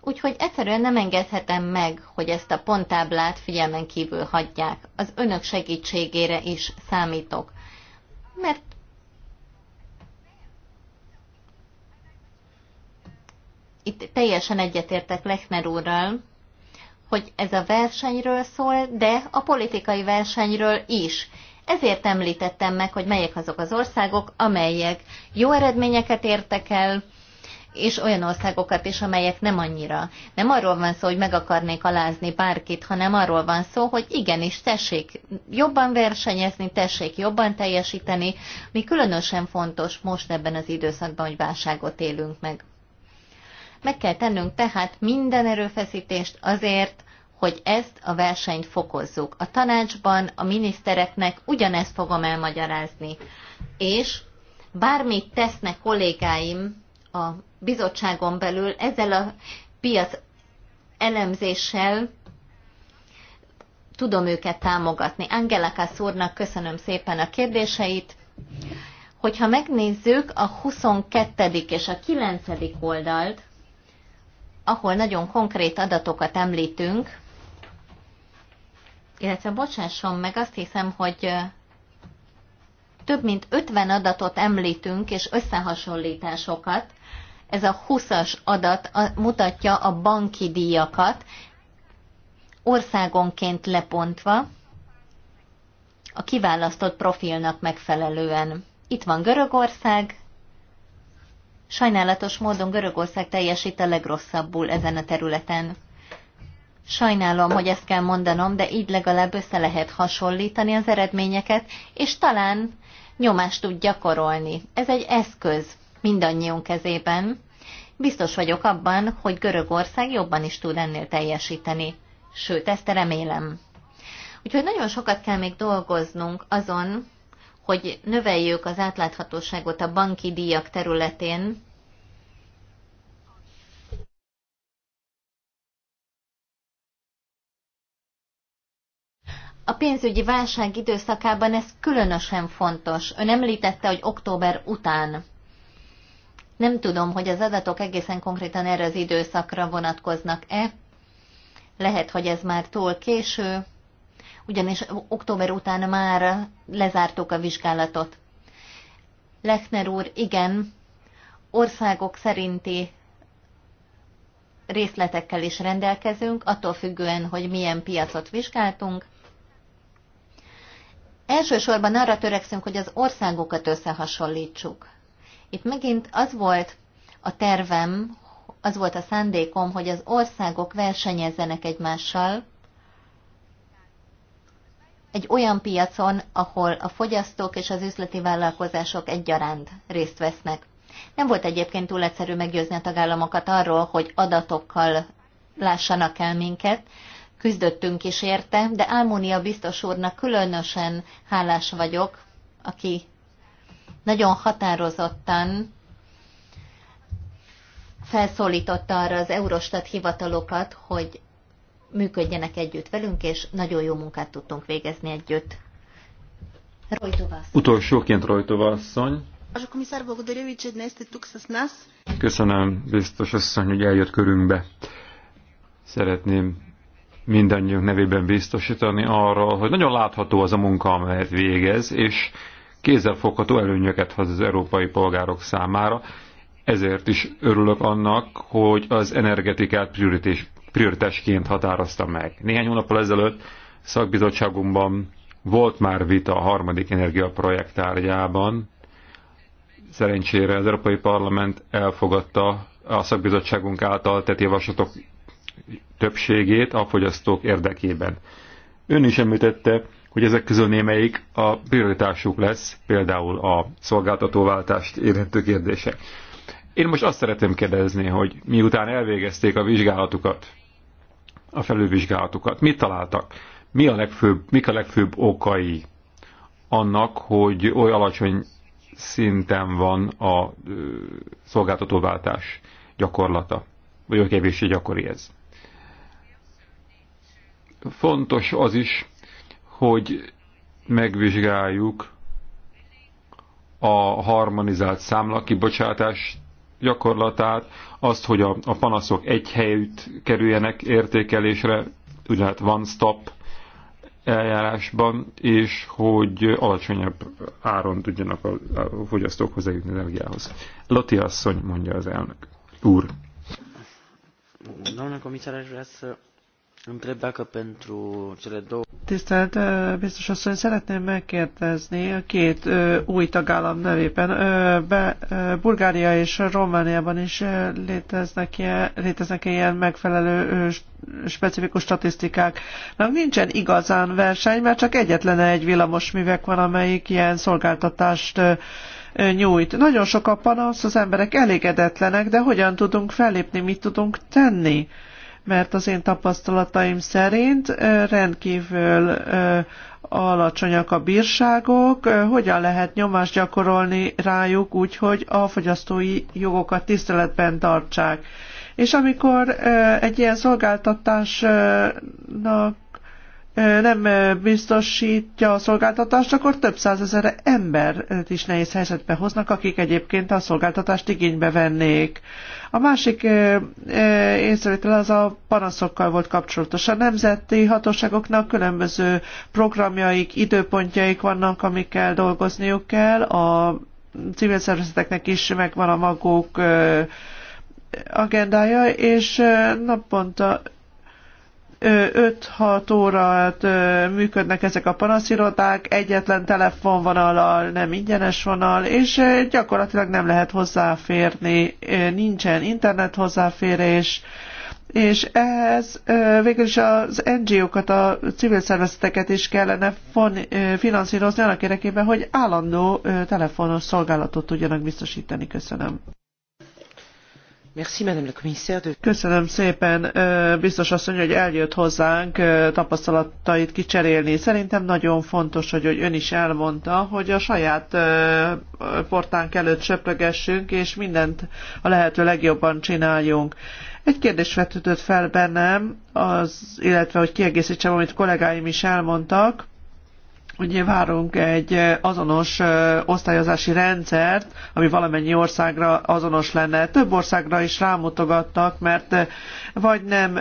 Úgyhogy egyszerűen nem engedhetem meg, hogy ezt a ponttáblát figyelmen kívül hagyják. Az önök segítségére is számítok. Mert itt teljesen egyetértek Lechner úrral, hogy ez a versenyről szól, de a politikai versenyről is. Ezért említettem meg, hogy melyek azok az országok, amelyek jó eredményeket értek el, és olyan országokat is, amelyek nem annyira. Nem arról van szó, hogy meg akarnék alázni bárkit, hanem arról van szó, hogy igenis, tessék jobban versenyezni, tessék jobban teljesíteni, mi különösen fontos most ebben az időszakban, hogy válságot élünk meg. Meg kell tennünk tehát minden erőfeszítést azért, hogy ezt a versenyt fokozzuk. A tanácsban a minisztereknek ugyanezt fogom elmagyarázni. És bármit tesznek kollégáim a bizottságon belül, ezzel a piac elemzéssel tudom őket támogatni. Angela Kasszúrnak köszönöm szépen a kérdéseit. Hogyha megnézzük a 22. és a 9. oldalt, ahol nagyon konkrét adatokat említünk, illetve bocsásson meg, azt hiszem, hogy több mint 50 adatot említünk, és összehasonlításokat. Ez a 20-as adat mutatja a banki díjakat, országonként lepontva, a kiválasztott profilnak megfelelően. Itt van Görögország, Sajnálatos módon Görögország teljesít a legrosszabbul ezen a területen. Sajnálom, hogy ezt kell mondanom, de így legalább össze lehet hasonlítani az eredményeket, és talán nyomást tud gyakorolni. Ez egy eszköz mindannyiunk kezében. Biztos vagyok abban, hogy Görögország jobban is tud ennél teljesíteni. Sőt, ezt remélem. Úgyhogy nagyon sokat kell még dolgoznunk azon, hogy növeljük az átláthatóságot a banki díjak területén, A pénzügyi válság időszakában ez különösen fontos. Ön említette, hogy október után. Nem tudom, hogy az adatok egészen konkrétan erre az időszakra vonatkoznak-e. Lehet, hogy ez már túl késő, ugyanis október után már lezártuk a vizsgálatot. Lechner úr, igen, országok szerinti részletekkel is rendelkezünk, attól függően, hogy milyen piacot vizsgáltunk. Elsősorban arra törekszünk, hogy az országokat összehasonlítsuk. Itt megint az volt a tervem, az volt a szándékom, hogy az országok versenyezzenek egymással, egy olyan piacon, ahol a fogyasztók és az üzleti vállalkozások egyaránt részt vesznek. Nem volt egyébként túl egyszerű meggyőzni a tagállamokat arról, hogy adatokkal lássanak el minket, küzdöttünk is érte, de Álmónia biztos úrnak különösen hálás vagyok, aki nagyon határozottan felszólította arra az Eurostat hivatalokat, hogy működjenek együtt velünk, és nagyon jó munkát tudtunk végezni együtt.
Utolsóként Rojtova asszony. Köszönöm, biztos asszony, hogy eljött körünkbe. Szeretném mindannyiunk nevében biztosítani arra, hogy nagyon látható az a munka, amelyet végez, és kézzelfogható előnyöket hoz az európai polgárok számára. Ezért is örülök annak, hogy az energetikát prioritásként határozta meg. Néhány hónappal ezelőtt szakbizottságunkban volt már vita a harmadik energiaprojekt tárgyában. Szerencsére az Európai Parlament elfogadta a szakbizottságunk által tett javaslatok többségét a fogyasztók érdekében. Ön is említette, hogy ezek közül némelyik a prioritásuk lesz, például a szolgáltatóváltást érhető kérdések. Én most azt szeretném kérdezni, hogy miután elvégezték a vizsgálatukat, a felülvizsgálatukat, mit találtak? Mi a legfőbb, mik a legfőbb okai annak, hogy oly alacsony szinten van a szolgáltatóváltás gyakorlata, vagy olyan kevéssé gyakori ez? Fontos az is, hogy megvizsgáljuk a harmonizált számla kibocsátás gyakorlatát, azt, hogy a, a panaszok egy helyütt kerüljenek értékelésre, úgynevezett one-stop eljárásban, és hogy alacsonyabb áron tudjanak a, a fogyasztók hozzájutni az energiához. Lati asszony, mondja az elnök. Úr.
Doamna comisar, aș vrea Tisztelt biztos asszony, szeretném megkérdezni a két ö, új tagállam nevében. Ö, be, ö, Bulgária és Romániában is léteznek, -e, léteznek -e ilyen megfelelő ö, specifikus statisztikák. Nem nincsen igazán verseny, mert csak egyetlen egy művek van, amelyik ilyen szolgáltatást ö, nyújt. Nagyon sok a panasz, az emberek elégedetlenek, de hogyan tudunk fellépni, mit tudunk tenni? mert az én tapasztalataim szerint rendkívül alacsonyak a bírságok, hogyan lehet nyomást gyakorolni rájuk úgy, hogy a fogyasztói jogokat tiszteletben tartsák. És amikor egy ilyen szolgáltatásnak nem biztosítja a szolgáltatást, akkor több százezer embert is nehéz helyzetbe hoznak, akik egyébként a szolgáltatást igénybe vennék. A másik észrevétel az a panaszokkal volt kapcsolatos. A nemzeti hatóságoknak különböző programjaik, időpontjaik vannak, amikkel dolgozniuk kell. A civil szervezeteknek is megvan a maguk agendája, és naponta 5-6 órát működnek ezek a panaszirodák, egyetlen telefonvonalal, nem ingyenes vonal, és gyakorlatilag nem lehet hozzáférni, nincsen internet hozzáférés, és ehhez végül is az NGO-kat, a civil szervezeteket is kellene fon, finanszírozni annak érdekében, hogy állandó telefonos szolgálatot tudjanak biztosítani. Köszönöm. Köszönöm szépen, biztos asszony, hogy eljött hozzánk tapasztalatait kicserélni. Szerintem nagyon fontos, hogy, hogy ön is elmondta, hogy a saját portánk előtt söprögessünk, és mindent a lehető legjobban csináljunk. Egy kérdés vetődött fel bennem, az, illetve hogy kiegészítsem, amit kollégáim is elmondtak Ugye várunk egy azonos osztályozási rendszert, ami valamennyi országra azonos lenne. Több országra is rámutogattak, mert vagy nem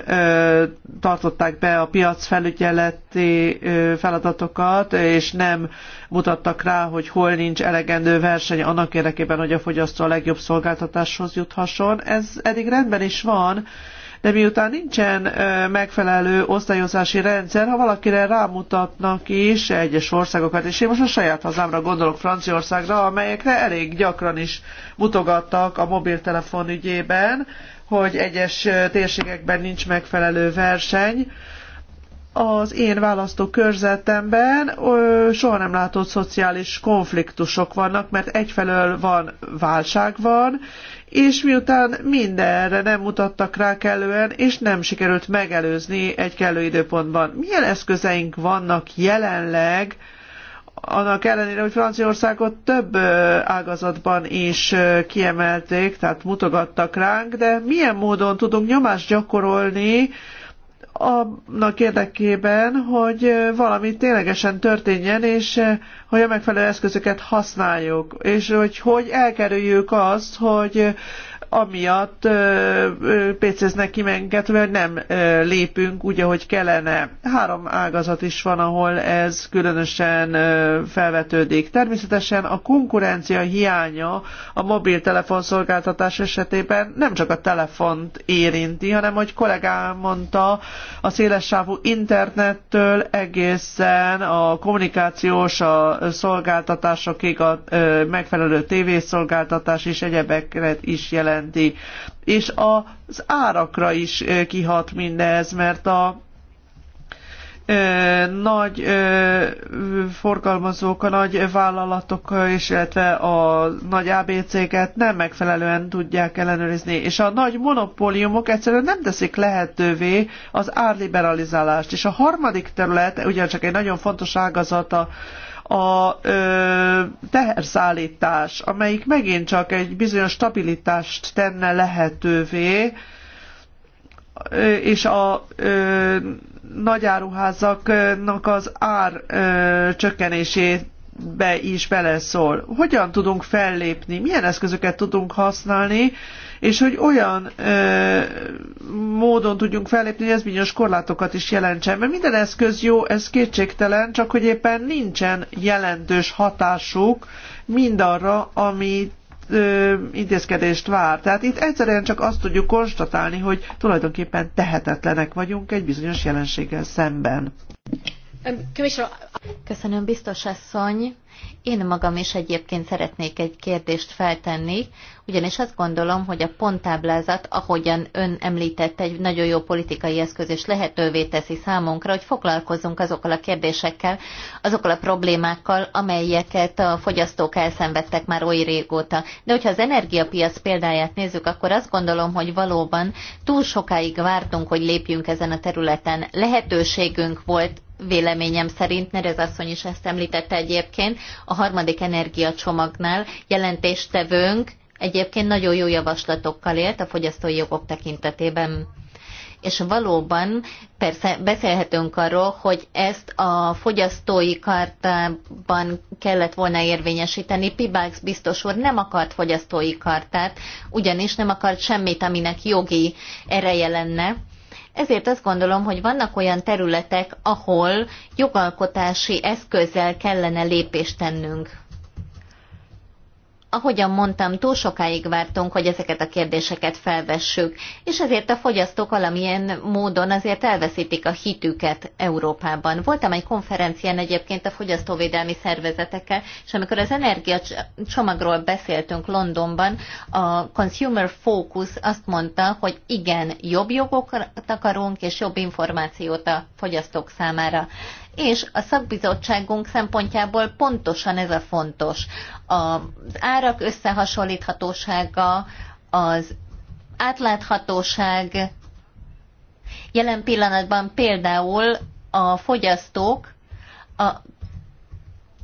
tartották be a piac felügyeleti feladatokat, és nem mutattak rá, hogy hol nincs elegendő verseny annak érdekében, hogy a fogyasztó a legjobb szolgáltatáshoz juthasson. Ez eddig rendben is van, de miután nincsen megfelelő osztályozási rendszer, ha valakire rámutatnak is egyes országokat, és én most a saját hazámra gondolok Franciaországra, amelyekre elég gyakran is mutogattak a mobiltelefon ügyében, hogy egyes térségekben nincs megfelelő verseny, az én választókörzetemben ö, soha nem látott szociális konfliktusok vannak, mert egyfelől van válság van, és miután mindenre nem mutattak rá kellően, és nem sikerült megelőzni egy kellő időpontban. Milyen eszközeink vannak jelenleg, annak ellenére, hogy Franciaországot több ágazatban is kiemelték, tehát mutogattak ránk, de milyen módon tudunk nyomást gyakorolni annak érdekében, hogy valami ténylegesen történjen, és eh, hogy a megfelelő eszközöket használjuk, és hogy hogy elkerüljük azt, hogy amiatt pécéznek ki minket, mert nem lépünk úgy, ahogy kellene. Három ágazat is van, ahol ez különösen felvetődik. Természetesen a konkurencia hiánya a mobiltelefonszolgáltatás esetében nem csak a telefont érinti, hanem, hogy kollégám mondta, a szélessávú internettől egészen a kommunikációs a szolgáltatásokig a megfelelő tévészolgáltatás és egyebekre is jelent jelenti. És az árakra is kihat mindez, mert a nagy forgalmazók, a nagy vállalatok, és illetve a nagy ABC-ket nem megfelelően tudják ellenőrizni, és a nagy monopóliumok egyszerűen nem teszik lehetővé az árliberalizálást. És a harmadik terület, ugyancsak egy nagyon fontos ágazata a ö, teherszállítás, amelyik megint csak egy bizonyos stabilitást tenne lehetővé, és a ö, nagyáruházaknak az ár ö, csökkenését be is beleszól. Hogyan tudunk fellépni, milyen eszközöket tudunk használni, és hogy olyan ö, módon tudjunk fellépni, hogy ez bizonyos korlátokat is jelentsen. Mert minden eszköz jó, ez kétségtelen, csak hogy éppen nincsen jelentős hatásuk mindarra, amit intézkedést vár. Tehát itt egyszerűen csak azt tudjuk konstatálni, hogy tulajdonképpen tehetetlenek vagyunk egy bizonyos jelenséggel szemben.
Köszönöm, biztos asszony. Én magam is egyébként szeretnék egy kérdést feltenni ugyanis azt gondolom, hogy a ponttáblázat, ahogyan ön említett, egy nagyon jó politikai eszköz, és lehetővé teszi számunkra, hogy foglalkozzunk azokkal a kérdésekkel, azokkal a problémákkal, amelyeket a fogyasztók elszenvedtek már oly régóta. De hogyha az energiapiac példáját nézzük, akkor azt gondolom, hogy valóban túl sokáig vártunk, hogy lépjünk ezen a területen. Lehetőségünk volt véleményem szerint, mert ez asszony is ezt említette egyébként, a harmadik energiacsomagnál jelentéstevőnk Egyébként nagyon jó javaslatokkal élt a fogyasztói jogok tekintetében. És valóban persze beszélhetünk arról, hogy ezt a fogyasztói kartában kellett volna érvényesíteni. Pibax biztos úr nem akart fogyasztói kartát, ugyanis nem akart semmit, aminek jogi ereje lenne. Ezért azt gondolom, hogy vannak olyan területek, ahol jogalkotási eszközzel kellene lépést tennünk ahogyan mondtam, túl sokáig vártunk, hogy ezeket a kérdéseket felvessük, és ezért a fogyasztók valamilyen módon azért elveszítik a hitüket Európában. Voltam egy konferencián egyébként a fogyasztóvédelmi szervezetekkel, és amikor az energiacsomagról beszéltünk Londonban, a Consumer Focus azt mondta, hogy igen, jobb jogokat akarunk, és jobb információt a fogyasztók számára és a szakbizottságunk szempontjából pontosan ez a fontos. Az árak összehasonlíthatósága, az átláthatóság, jelen pillanatban például a fogyasztók a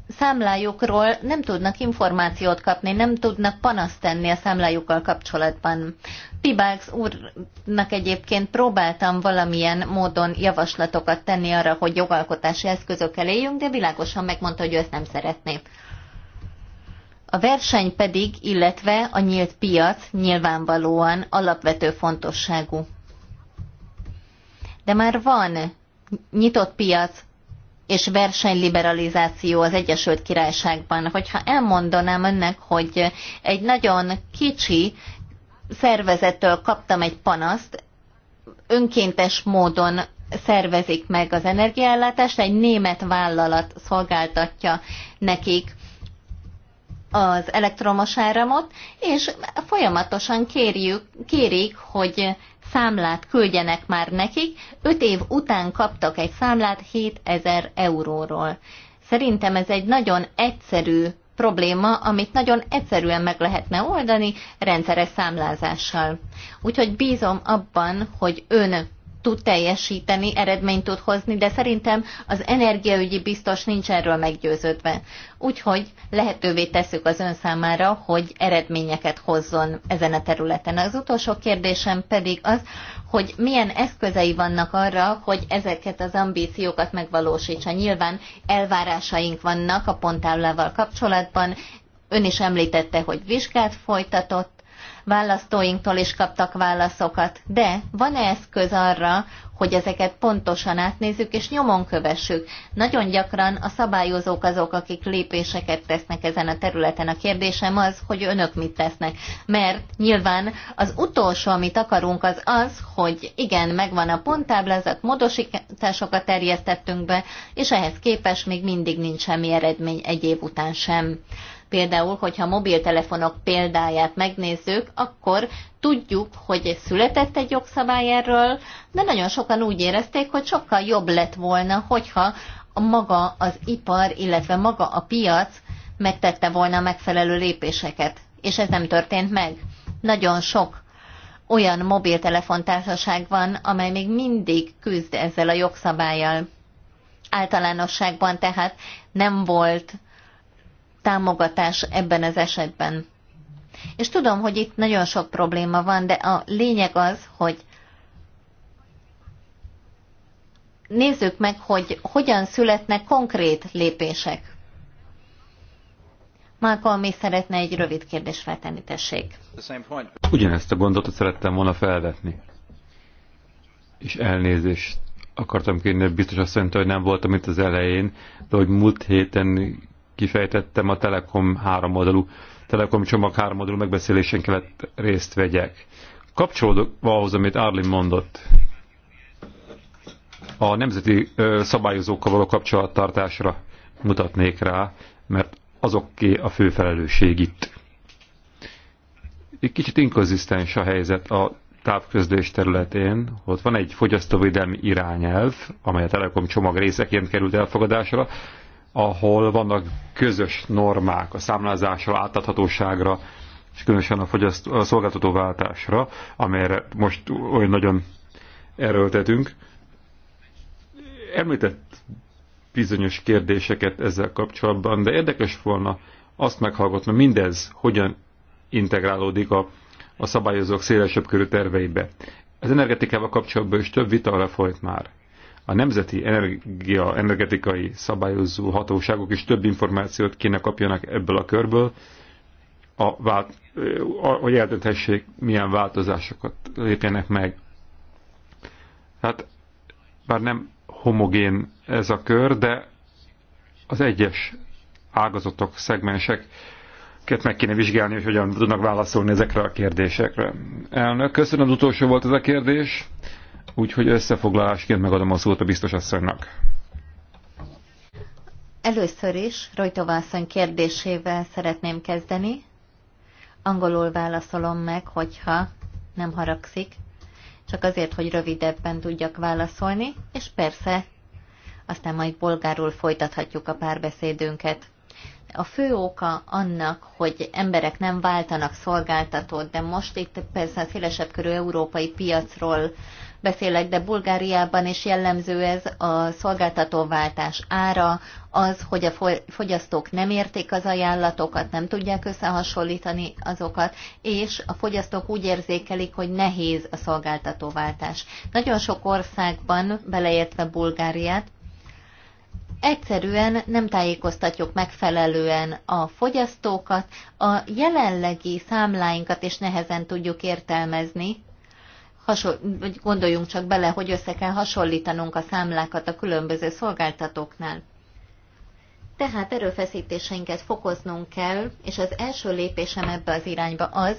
számlájukról nem tudnak információt kapni, nem tudnak panaszt tenni a számlájukkal kapcsolatban. Pibáks úrnak egyébként próbáltam valamilyen módon javaslatokat tenni arra, hogy jogalkotási eszközök éljünk, de világosan megmondta, hogy ő ezt nem szeretné. A verseny pedig, illetve a nyílt piac nyilvánvalóan alapvető fontosságú. De már van nyitott piac és versenyliberalizáció az Egyesült Királyságban. Hogyha elmondanám önnek, hogy egy nagyon kicsi szervezettől kaptam egy panaszt, önkéntes módon szervezik meg az energiaellátást, egy német vállalat szolgáltatja nekik az elektromos áramot, és folyamatosan kérjük, kérik, hogy számlát küldjenek már nekik. Öt év után kaptak egy számlát 7000 euróról. Szerintem ez egy nagyon egyszerű probléma, amit nagyon egyszerűen meg lehetne oldani rendszeres számlázással. Úgyhogy bízom abban, hogy ön tud teljesíteni, eredményt tud hozni, de szerintem az energiaügyi biztos nincs erről meggyőződve. Úgyhogy lehetővé tesszük az ön számára, hogy eredményeket hozzon ezen a területen. Az utolsó kérdésem pedig az, hogy milyen eszközei vannak arra, hogy ezeket az ambíciókat megvalósítsa. Nyilván elvárásaink vannak a ponttáblával kapcsolatban, Ön is említette, hogy vizsgát folytatott, választóinktól is kaptak válaszokat. De van-e eszköz arra, hogy ezeket pontosan átnézzük és nyomon kövessük? Nagyon gyakran a szabályozók azok, akik lépéseket tesznek ezen a területen. A kérdésem az, hogy önök mit tesznek. Mert nyilván az utolsó, amit akarunk, az az, hogy igen, megvan a ponttáblázat, módosításokat terjesztettünk be, és ehhez képest még mindig nincs semmi eredmény egy év után sem. Például, hogyha mobiltelefonok példáját megnézzük, akkor tudjuk, hogy született egy jogszabály erről, de nagyon sokan úgy érezték, hogy sokkal jobb lett volna, hogyha maga az ipar, illetve maga a piac megtette volna a megfelelő lépéseket. És ez nem történt meg. Nagyon sok olyan mobiltelefontársaság van, amely még mindig küzd ezzel a jogszabályjal. Általánosságban tehát nem volt támogatás ebben az esetben. És tudom, hogy itt nagyon sok probléma van, de a lényeg az, hogy nézzük meg, hogy hogyan születnek konkrét lépések. Malcolm is szeretne egy rövid kérdést feltenni, tessék.
Ugyanezt a gondolatot szerettem volna felvetni. És elnézést akartam kérni, biztos azt mondta, hogy nem voltam itt az elején, de hogy múlt héten kifejtettem, a Telekom háromoldalú, Telekom csomag háromoldalú megbeszélésen kellett részt vegyek. Kapcsolódok ahhoz, amit Arlin mondott, a nemzeti szabályozókkal való kapcsolattartásra mutatnék rá, mert azoké a fő felelősség itt. Egy kicsit inkonzisztens a helyzet a távközlés területén, ott van egy fogyasztóvédelmi irányelv, amely a Telekom csomag részeként került elfogadásra, ahol vannak közös normák a számlázásra, átláthatóságra, és különösen a, fogyaszt, a szolgáltatóváltásra, amelyre most olyan nagyon erőltetünk. Említett bizonyos kérdéseket ezzel kapcsolatban, de érdekes volna azt meghallgatni, mindez hogyan integrálódik a, a szabályozók szélesebb körű terveibe. Az energetikával kapcsolatban is több vita lefolyt már a nemzeti energia, energetikai szabályozó hatóságok is több információt kéne kapjanak ebből a körből, a vált, a, hogy eldönthessék, milyen változásokat lépjenek meg. Hát, bár nem homogén ez a kör, de az egyes ágazatok, szegmensek két meg kéne vizsgálni, hogy hogyan tudnak válaszolni ezekre a kérdésekre. Elnök, köszönöm, az utolsó volt ez a kérdés. Úgyhogy összefoglalásként megadom a szót a biztos asszonynak.
Először is Rojtovászony kérdésével szeretném kezdeni. Angolul válaszolom meg, hogyha nem haragszik, csak azért, hogy rövidebben tudjak válaszolni, és persze, aztán majd bolgárul folytathatjuk a párbeszédünket. A fő oka annak, hogy emberek nem váltanak szolgáltatót, de most itt persze a szélesebb körű európai piacról beszélek, de Bulgáriában is jellemző ez a szolgáltatóváltás ára, az, hogy a fogyasztók nem értik az ajánlatokat, nem tudják összehasonlítani azokat, és a fogyasztók úgy érzékelik, hogy nehéz a szolgáltatóváltás. Nagyon sok országban, beleértve Bulgáriát, egyszerűen nem tájékoztatjuk megfelelően a fogyasztókat, a jelenlegi számláinkat is nehezen tudjuk értelmezni, hasonl- vagy gondoljunk csak bele, hogy össze kell hasonlítanunk a számlákat a különböző szolgáltatóknál. Tehát erőfeszítéseinket fokoznunk kell, és az első lépésem ebbe az irányba az,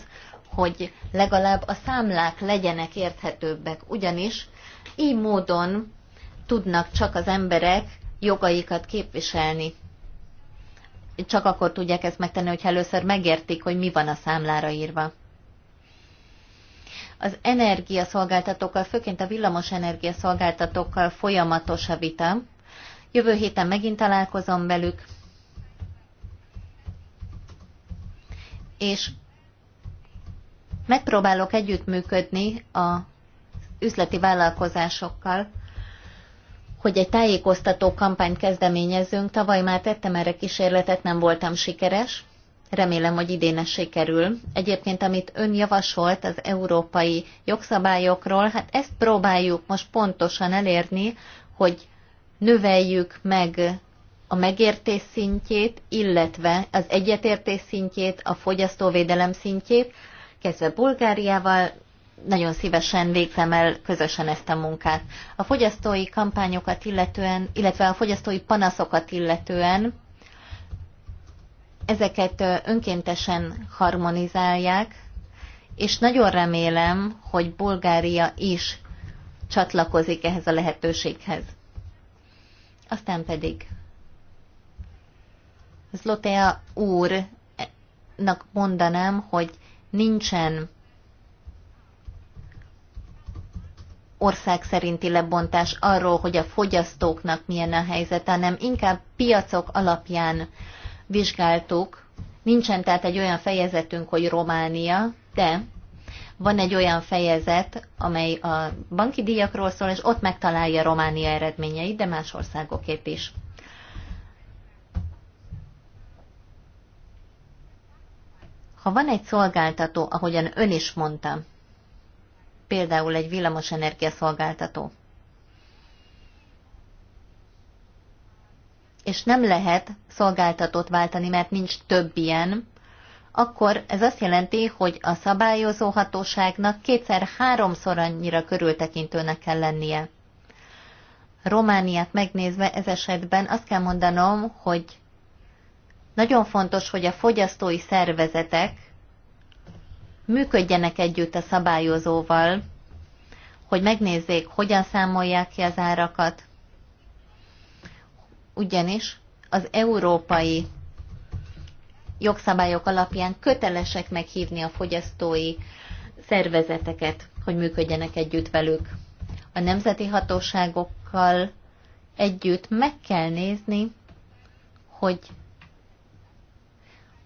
hogy legalább a számlák legyenek érthetőbbek, ugyanis így módon tudnak csak az emberek jogaikat képviselni. Csak akkor tudják ezt megtenni, hogyha először megértik, hogy mi van a számlára írva az energiaszolgáltatókkal, főként a villamos energiaszolgáltatókkal folyamatos a vita. Jövő héten megint találkozom velük, és megpróbálok együttműködni a üzleti vállalkozásokkal, hogy egy tájékoztató kampányt kezdeményezünk. Tavaly már tettem erre kísérletet, nem voltam sikeres. Remélem, hogy idén ez sikerül. Egyébként, amit ön javasolt az európai jogszabályokról, hát ezt próbáljuk most pontosan elérni, hogy növeljük meg a megértés szintjét, illetve az egyetértés szintjét, a fogyasztóvédelem szintjét, kezdve Bulgáriával, nagyon szívesen végzem el közösen ezt a munkát. A fogyasztói kampányokat illetően, illetve a fogyasztói panaszokat illetően Ezeket önkéntesen harmonizálják, és nagyon remélem, hogy Bulgária is csatlakozik ehhez a lehetőséghez. Aztán pedig Zlotea úrnak mondanám, hogy nincsen ország szerinti lebontás arról, hogy a fogyasztóknak milyen a helyzet, hanem inkább piacok alapján vizsgáltuk. Nincsen tehát egy olyan fejezetünk, hogy Románia, de van egy olyan fejezet, amely a banki díjakról szól, és ott megtalálja Románia eredményeit, de más országokét is. Ha van egy szolgáltató, ahogyan ön is mondta, például egy villamosenergia szolgáltató, és nem lehet szolgáltatót váltani, mert nincs több ilyen, akkor ez azt jelenti, hogy a szabályozó hatóságnak kétszer-háromszor annyira körültekintőnek kell lennie. Romániát megnézve ez esetben azt kell mondanom, hogy nagyon fontos, hogy a fogyasztói szervezetek működjenek együtt a szabályozóval, hogy megnézzék, hogyan számolják ki az árakat, ugyanis az európai jogszabályok alapján kötelesek meghívni a fogyasztói szervezeteket, hogy működjenek együtt velük. A nemzeti hatóságokkal együtt meg kell nézni, hogy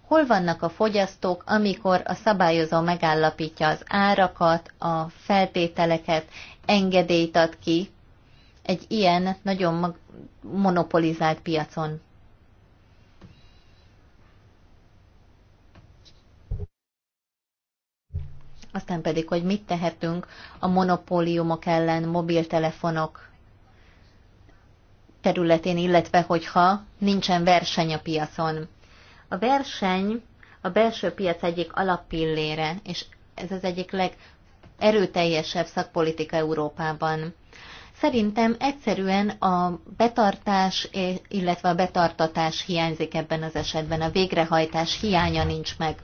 hol vannak a fogyasztók, amikor a szabályozó megállapítja az árakat, a feltételeket, engedélyt ad ki egy ilyen nagyon monopolizált piacon. Aztán pedig, hogy mit tehetünk a monopóliumok ellen mobiltelefonok területén, illetve hogyha nincsen verseny a piacon. A verseny a belső piac egyik alappillére, és ez az egyik legerőteljesebb szakpolitika Európában. Szerintem egyszerűen a betartás, eh, illetve a betartatás hiányzik ebben az esetben, a végrehajtás hiánya nincs meg.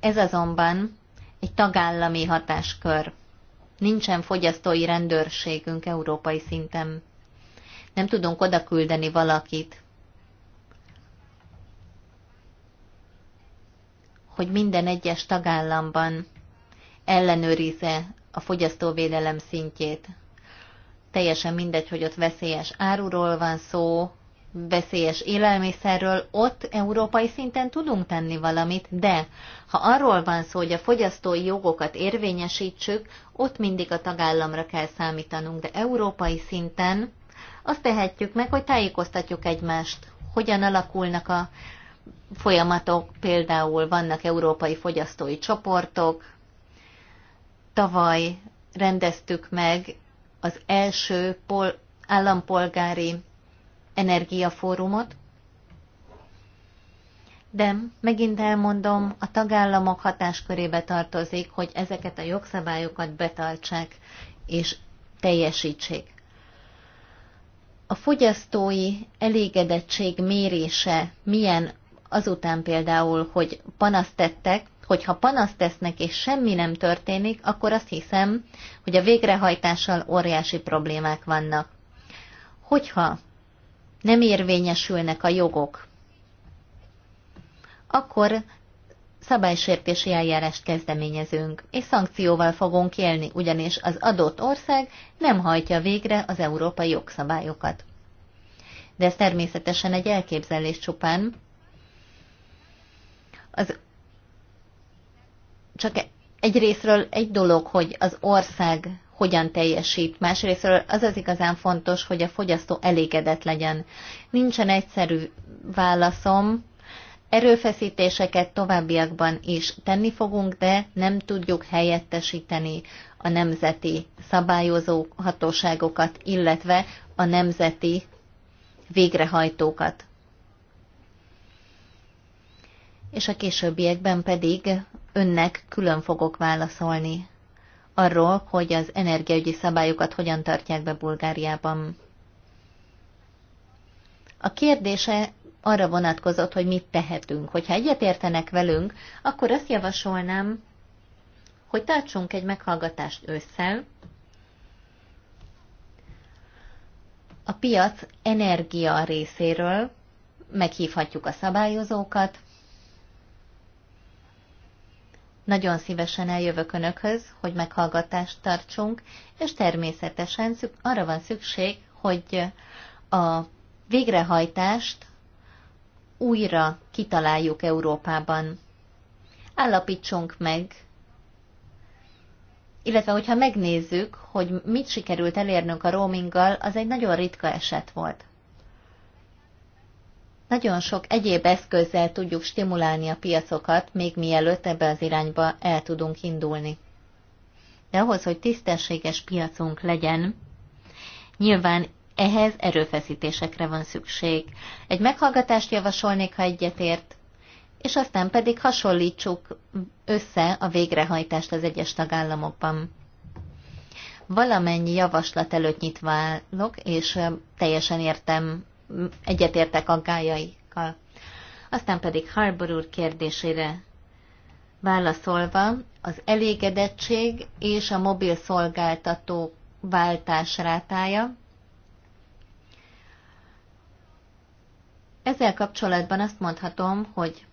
Ez azonban egy tagállami hatáskör. Nincsen fogyasztói rendőrségünk európai szinten. Nem tudunk oda küldeni valakit, hogy minden egyes tagállamban ellenőrize a fogyasztóvédelem szintjét. Teljesen mindegy, hogy ott veszélyes áruról van szó, veszélyes élelmiszerről, ott európai szinten tudunk tenni valamit, de ha arról van szó, hogy a fogyasztói jogokat érvényesítsük, ott mindig a tagállamra kell számítanunk, de európai szinten azt tehetjük meg, hogy tájékoztatjuk egymást, hogyan alakulnak a folyamatok, például vannak európai fogyasztói csoportok, Tavaly rendeztük meg az első pol- állampolgári energiafórumot, de megint elmondom, a tagállamok hatáskörébe tartozik, hogy ezeket a jogszabályokat betartsák és teljesítsék. A fogyasztói elégedettség mérése milyen azután például, hogy panaszt tettek, hogyha panaszt tesznek és semmi nem történik, akkor azt hiszem, hogy a végrehajtással óriási problémák vannak. Hogyha nem érvényesülnek a jogok, akkor szabálysértési eljárást kezdeményezünk, és szankcióval fogunk élni, ugyanis az adott ország nem hajtja végre az európai jogszabályokat. De ez természetesen egy elképzelés csupán. Az csak egy részről egy dolog, hogy az ország hogyan teljesít, másrésztről az az igazán fontos, hogy a fogyasztó elégedett legyen. Nincsen egyszerű válaszom, erőfeszítéseket továbbiakban is tenni fogunk, de nem tudjuk helyettesíteni a nemzeti szabályozó hatóságokat, illetve a nemzeti végrehajtókat. És a későbbiekben pedig önnek külön fogok válaszolni arról, hogy az energiaügyi szabályokat hogyan tartják be Bulgáriában. A kérdése arra vonatkozott, hogy mit tehetünk. Hogyha egyetértenek velünk, akkor azt javasolnám, hogy tartsunk egy meghallgatást ősszel. A piac energia részéről meghívhatjuk a szabályozókat, nagyon szívesen eljövök Önökhöz, hogy meghallgatást tartsunk, és természetesen arra van szükség, hogy a végrehajtást újra kitaláljuk Európában. Állapítsunk meg, illetve hogyha megnézzük, hogy mit sikerült elérnünk a roaminggal, az egy nagyon ritka eset volt nagyon sok egyéb eszközzel tudjuk stimulálni a piacokat, még mielőtt ebbe az irányba el tudunk indulni. De ahhoz, hogy tisztességes piacunk legyen, nyilván ehhez erőfeszítésekre van szükség. Egy meghallgatást javasolnék, ha egyetért, és aztán pedig hasonlítsuk össze a végrehajtást az egyes tagállamokban. Valamennyi javaslat előtt nyitválok, és teljesen értem egyetértek a gájaikkal. Aztán pedig Harbor úr kérdésére válaszolva, az elégedettség és a mobil szolgáltató váltás rátája. Ezzel kapcsolatban azt mondhatom, hogy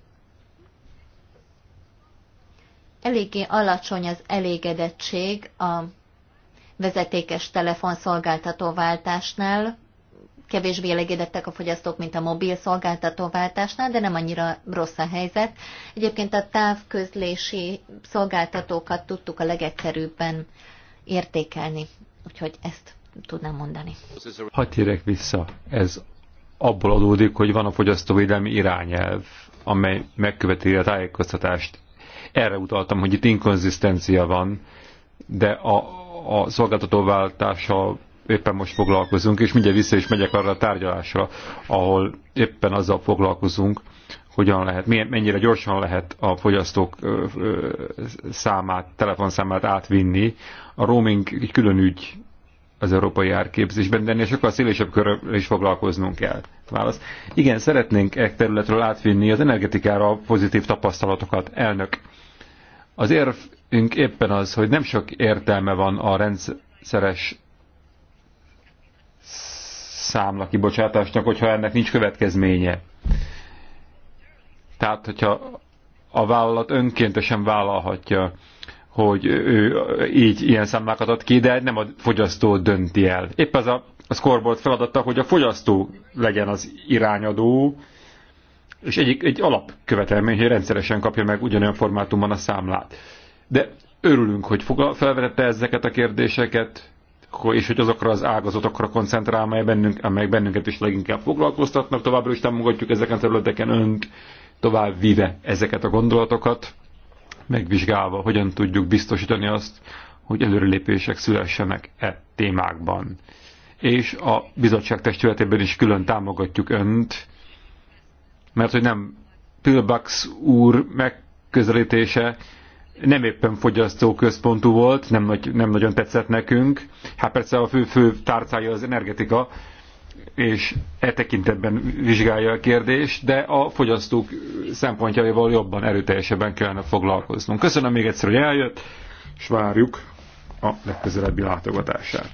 eléggé alacsony az elégedettség a vezetékes telefonszolgáltató váltásnál, kevésbé elégedettek a fogyasztók, mint a mobil szolgáltatóváltásnál, de nem annyira rossz a helyzet. Egyébként a távközlési szolgáltatókat tudtuk a legegyszerűbben értékelni, úgyhogy ezt tudnám mondani.
Hadd térek vissza, ez abból adódik, hogy van a fogyasztóvédelmi irányelv, amely megköveti a tájékoztatást. Erre utaltam, hogy itt inkonzisztencia van, de a, a szolgáltatóváltással éppen most foglalkozunk, és mindjárt vissza is megyek arra a tárgyalásra, ahol éppen azzal foglalkozunk, hogyan lehet, mennyire gyorsan lehet a fogyasztók számát, telefonszámát átvinni. A roaming egy külön ügy az európai árképzésben, de ennél sokkal szélesebb körül is foglalkoznunk kell. Válasz. Igen, szeretnénk e területről átvinni az energetikára pozitív tapasztalatokat. Elnök, az érvünk éppen az, hogy nem sok értelme van a rendszeres számla kibocsátásnak, hogyha ennek nincs következménye. Tehát, hogyha a vállalat önkéntesen vállalhatja, hogy ő így ilyen számlákat ad ki, de nem a fogyasztó dönti el. Épp az a, a scoreboard feladata, hogy a fogyasztó legyen az irányadó, és egy, egy alapkövetelmény, hogy rendszeresen kapja meg ugyanolyan formátumban a számlát. De örülünk, hogy felvetette ezeket a kérdéseket, és hogy azokra az ágazatokra koncentrál, amely bennünk, amelyek bennünket is leginkább foglalkoztatnak. Továbbra is támogatjuk ezeken a területeken önt, tovább vive ezeket a gondolatokat, megvizsgálva, hogyan tudjuk biztosítani azt, hogy előrelépések szülessenek e témákban. És a bizottság testületében is külön támogatjuk önt, mert hogy nem Pilbax úr megközelítése nem éppen fogyasztóközpontú volt, nem, nagy, nem nagyon tetszett nekünk. Hát persze a fő-fő tárcája az energetika, és e tekintetben vizsgálja a kérdést, de a fogyasztók szempontjaival jobban, erőteljesebben kellene foglalkoznunk. Köszönöm még egyszer, hogy eljött, és várjuk a legközelebbi látogatását.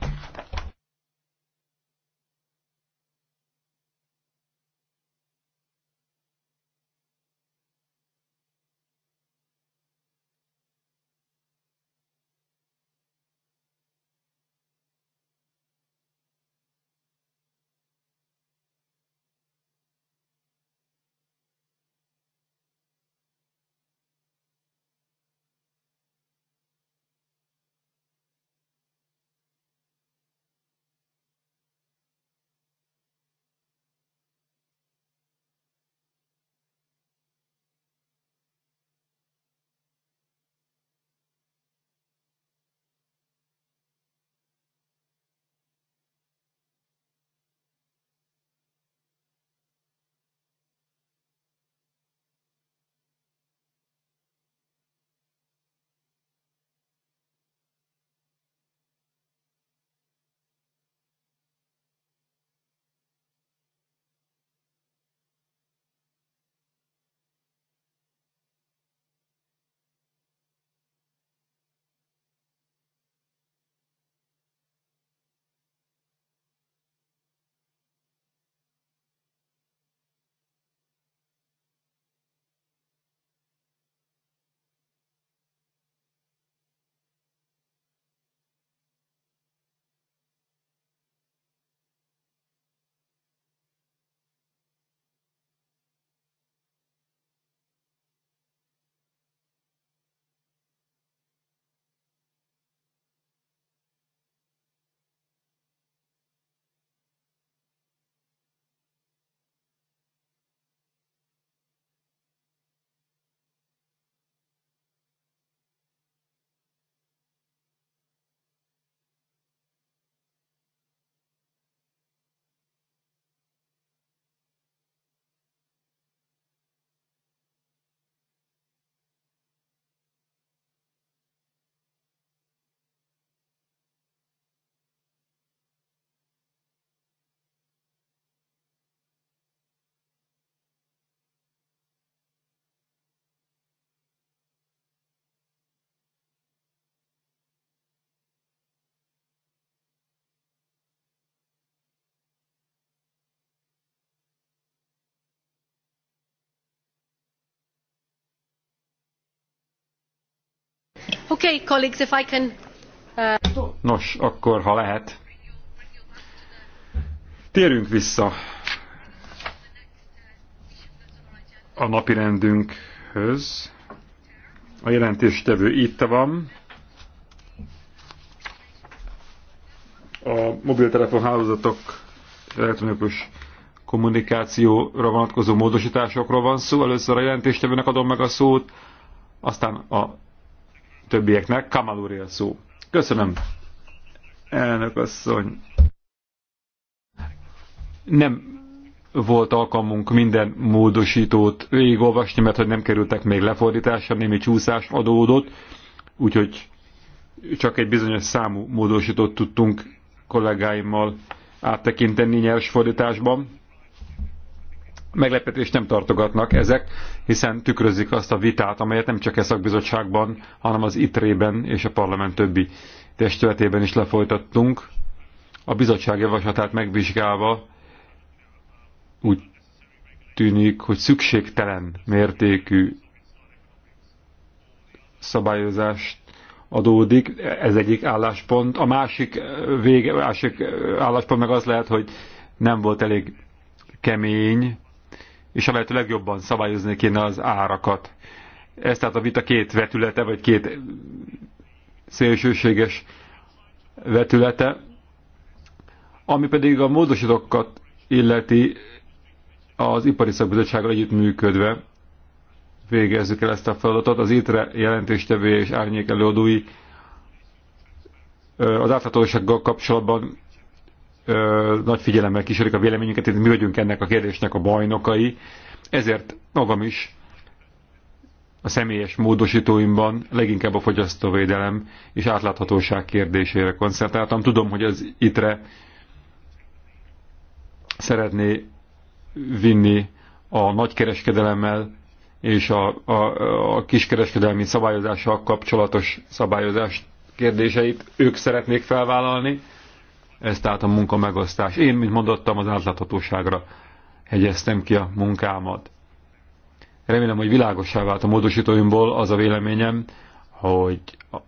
Okay, colleagues, if I can... Uh... Nos, akkor, ha lehet. Térjünk vissza a napirendünkhöz. A jelentéstevő itt van. A mobiltelefonhálózatok elektronikus kommunikációra vonatkozó módosításokról van szó. Először a jelentéstevőnek adom meg a szót, aztán a többieknek. Kamal a szó. Köszönöm, elnök asszony. Nem volt alkalmunk minden módosítót végigolvasni, mert hogy nem kerültek még lefordításra, némi csúszás adódott, úgyhogy csak egy bizonyos számú módosítót tudtunk kollégáimmal áttekinteni nyers fordításban meglepetést nem tartogatnak ezek, hiszen tükrözik azt a vitát, amelyet nem csak a e szakbizottságban, hanem az ITRE-ben és a parlament többi testületében is lefolytattunk. A bizottság javaslatát megvizsgálva úgy tűnik, hogy szükségtelen mértékű szabályozást adódik, ez egyik álláspont. A másik, vége, másik álláspont meg az lehet, hogy nem volt elég kemény és a lehető legjobban szabályozni kéne az árakat. Ez tehát a vita két vetülete, vagy két szélsőséges vetülete. Ami pedig a módosítókat illeti az ipari szakbizottsággal együttműködve végezzük el ezt a feladatot. Az ITRE jelentéstevője és árnyék előadói az átláthatósággal kapcsolatban ö, nagy figyelemmel kísérik a véleményünket, mi vagyunk ennek a kérdésnek a bajnokai, ezért magam is a személyes módosítóimban leginkább a fogyasztóvédelem és átláthatóság kérdésére koncentráltam. Tudom, hogy az ITRE szeretné vinni a nagykereskedelemmel és a, a, a kiskereskedelmi szabályozással kapcsolatos szabályozás kérdéseit ők szeretnék felvállalni ez tehát a munka megosztás. Én, mint mondottam, az átláthatóságra hegyeztem ki a munkámat. Remélem, hogy világosá vált a módosítóimból az a véleményem, hogy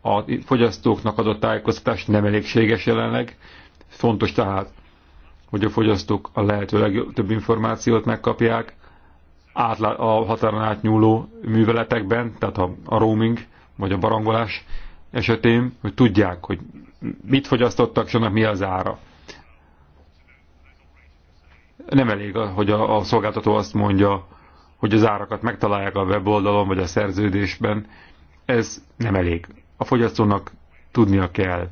a fogyasztóknak adott tájékoztatás nem elégséges jelenleg. Fontos tehát, hogy a fogyasztók a lehető legtöbb információt megkapják a határon átnyúló műveletekben, tehát a, a roaming vagy a barangolás esetén, hogy tudják, hogy mit fogyasztottak, és annak mi az ára. Nem elég, hogy a, a szolgáltató azt mondja, hogy az árakat megtalálják a weboldalon vagy a szerződésben. Ez nem elég. A fogyasztónak tudnia kell,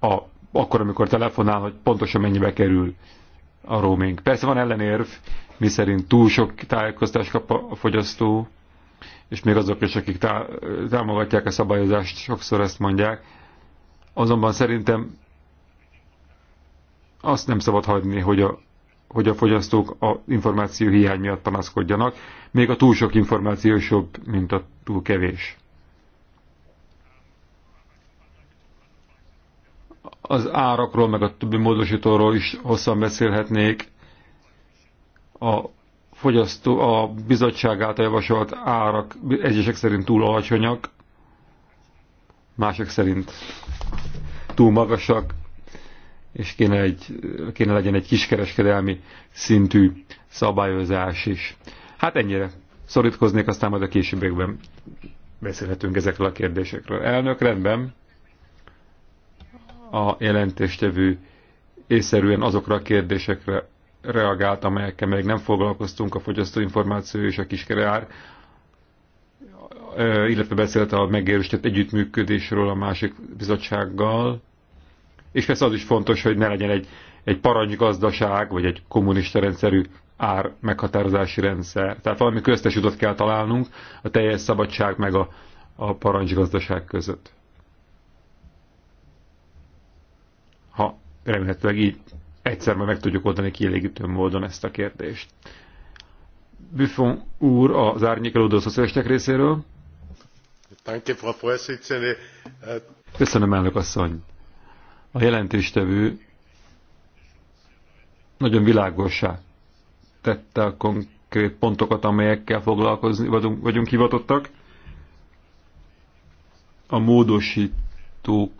a, akkor, amikor telefonál, hogy pontosan mennyibe kerül a roaming. Persze van ellenérv, miszerint túl sok tájékoztást kap a fogyasztó, és még azok is, akik tá támogatják a szabályozást, sokszor ezt mondják, Azonban szerintem azt nem szabad hagyni, hogy a, hogy a fogyasztók a információ hiány miatt panaszkodjanak, még a túl sok információ is jobb, mint a túl kevés. Az árakról, meg a többi módosítóról is hosszan beszélhetnék. A fogyasztó, a bizottság által javasolt árak egyesek szerint túl alacsonyak, mások szerint túl magasak, és kéne, egy, kéne legyen egy kiskereskedelmi szintű szabályozás is. Hát ennyire szorítkoznék, aztán majd a későbbiekben beszélhetünk ezekről a kérdésekről. Elnök, rendben. A jelentéstevő észszerűen azokra a kérdésekre reagált, amelyekkel még nem foglalkoztunk, a fogyasztóinformáció és a kiskereár, illetve beszélt a megérősített együttműködésről a másik bizottsággal, és persze az is fontos, hogy ne legyen egy, egy parancsgazdaság, vagy egy kommunista rendszerű ár meghatározási rendszer. Tehát valami köztes utat kell találnunk a teljes szabadság meg a, a parancsgazdaság között. Ha remélhetőleg így egyszer majd meg tudjuk oldani kielégítő módon ezt a kérdést. Buffon úr az árnyékelődő szocialisták részéről. Köszönöm, elnök asszony. A jelentéstevő nagyon világosá tette a konkrét pontokat, amelyekkel foglalkozni vagyunk, vagyunk hivatottak. A módosítók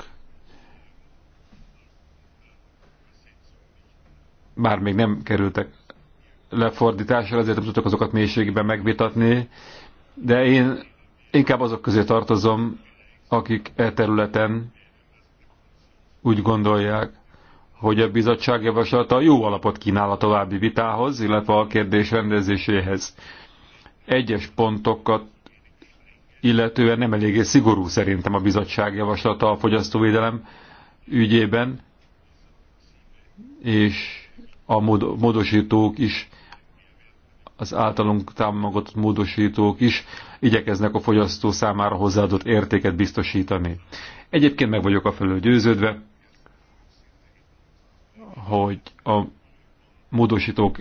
bár még nem kerültek lefordítással ezért nem tudok azokat mélységben megvitatni, de én inkább azok közé tartozom, akik e területen úgy gondolják, hogy a bizottság javaslata jó alapot kínál a további vitához, illetve a kérdés rendezéséhez. Egyes pontokat illetően nem eléggé szigorú szerintem a bizottság javaslata a fogyasztóvédelem ügyében, és a módosítók is az általunk támogatott módosítók is igyekeznek a fogyasztó számára hozzáadott értéket biztosítani. Egyébként meg vagyok a felől győződve, hogy a módosítók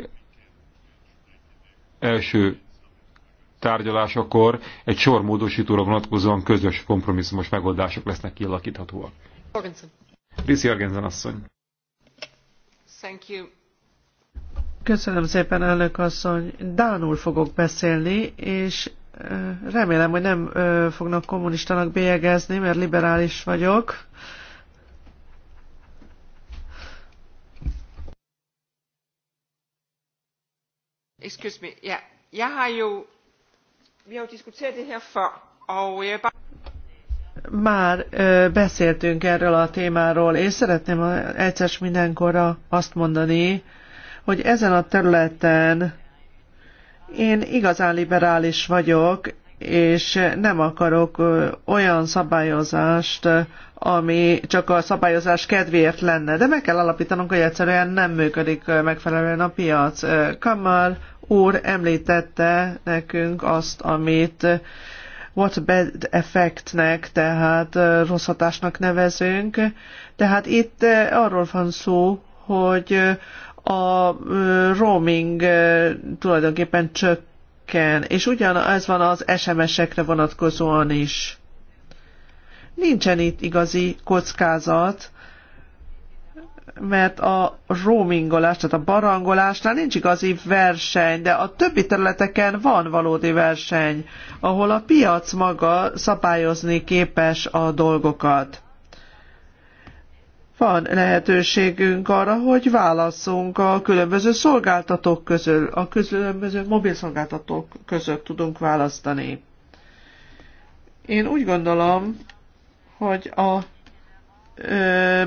első tárgyalásakor egy sor módosítóra vonatkozóan közös kompromisszumos megoldások lesznek kialakíthatóak. Riszi Jorgensen asszony.
Thank you. Köszönöm szépen, elnök asszony. Dánul fogok beszélni, és remélem, hogy nem fognak kommunistának bélyegezni, mert liberális vagyok. Excuse me, ja, jeg har jo, vi har jo diskuteret det her før, og jeg er bare... Már ö, beszéltünk erről a témáról, és szeretném egyszer mindenkorra azt mondani, hogy ezen a területen én igazán liberális vagyok, és nem akarok olyan szabályozást, ami csak a szabályozás kedvéért lenne. De meg kell alapítanunk, hogy egyszerűen nem működik megfelelően a piac. Kamal úr említette nekünk azt, amit what bad effectnek, tehát rossz hatásnak nevezünk. Tehát itt arról van szó, hogy a roaming tulajdonképpen csökken, és ugyanaz van az SMS-ekre vonatkozóan is. Nincsen itt igazi kockázat, mert a roamingolás, tehát a barangolásnál nincs igazi verseny, de a többi területeken van valódi verseny, ahol a piac maga szabályozni képes a dolgokat van lehetőségünk arra, hogy válasszunk a különböző szolgáltatók közül, a különböző mobilszolgáltatók között tudunk választani. Én úgy gondolom, hogy a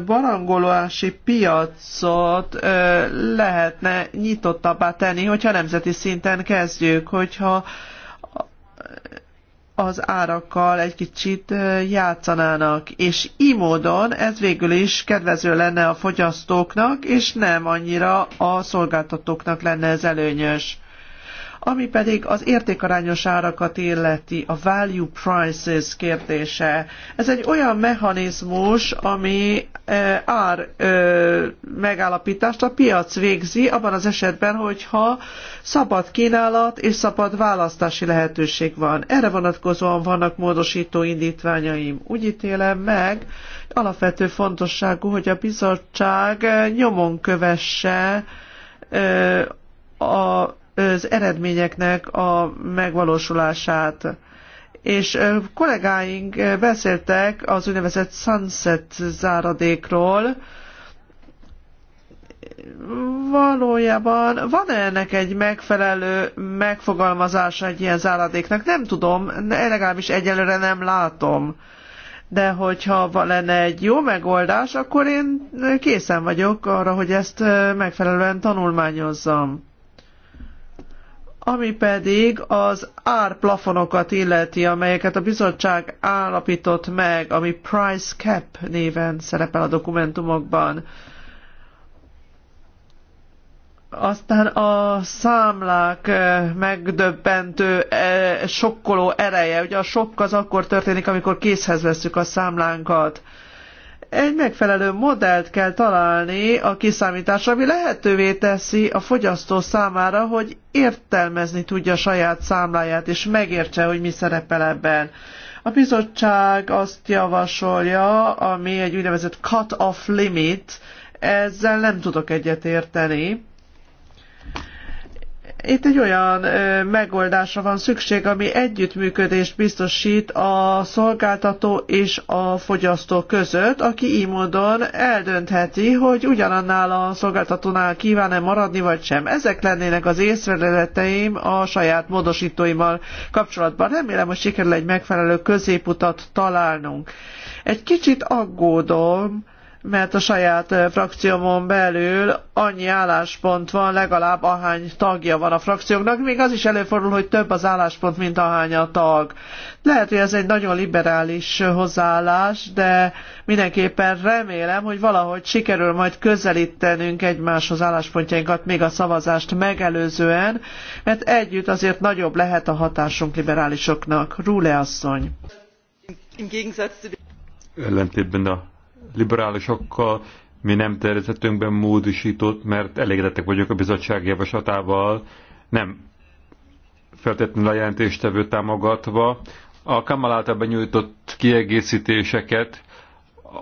barangolási piacot lehetne nyitottabbá tenni, hogyha nemzeti szinten kezdjük, hogyha az árakkal egy kicsit játszanának, és így módon ez végül is kedvező lenne a fogyasztóknak, és nem annyira a szolgáltatóknak lenne ez előnyös. Ami pedig az értékarányos árakat illeti, a value prices kérdése. Ez egy olyan mechanizmus, ami e, ár e, megállapítást a piac végzi, abban az esetben, hogyha szabad kínálat és szabad választási lehetőség van. Erre vonatkozóan vannak módosító indítványaim. Úgy ítélem meg, alapvető fontosságú, hogy a bizottság nyomon kövesse e, a az eredményeknek a megvalósulását. És kollégáink beszéltek az úgynevezett sunset záradékról, valójában van -e ennek egy megfelelő megfogalmazása egy ilyen záradéknak? Nem tudom, legalábbis egyelőre nem látom. De hogyha lenne egy jó megoldás, akkor én készen vagyok arra, hogy ezt megfelelően tanulmányozzam ami pedig az árplafonokat illeti, amelyeket a bizottság állapított meg, ami price cap néven szerepel a dokumentumokban. Aztán a számlák eh, megdöbbentő, eh, sokkoló ereje. Ugye a sokk az akkor történik, amikor készhez vesszük a számlánkat egy megfelelő modellt kell találni a kiszámításra, ami lehetővé teszi a fogyasztó számára, hogy értelmezni tudja saját számláját, és megértse, hogy mi szerepel ebben. A bizottság azt javasolja, ami egy úgynevezett cut-off limit, ezzel nem tudok egyetérteni itt egy olyan megoldásra van szükség, ami együttműködést biztosít a szolgáltató és a fogyasztó között, aki így módon eldöntheti, hogy ugyanannál a szolgáltatónál kíván-e maradni vagy sem. Ezek lennének az észrevételeim a saját módosítóimmal kapcsolatban. Remélem, hogy sikerül egy megfelelő középutat találnunk. Egy kicsit aggódom, mert a saját frakciómon belül annyi álláspont van, legalább ahány tagja van a frakcióknak, még az is előfordul, hogy több az álláspont, mint ahány a tag. Lehet, hogy ez egy nagyon liberális hozzáállás, de mindenképpen remélem, hogy valahogy sikerül majd közelítenünk egymáshoz álláspontjainkat még a szavazást megelőzően, mert együtt azért nagyobb lehet a hatásunk liberálisoknak. Rúle asszony!
Ellentétben a liberálisokkal mi nem tervezetünkben módosított, mert elégedettek vagyok a bizottság javaslatával, nem feltétlenül a jelentéstevő támogatva. A Kamal által benyújtott kiegészítéseket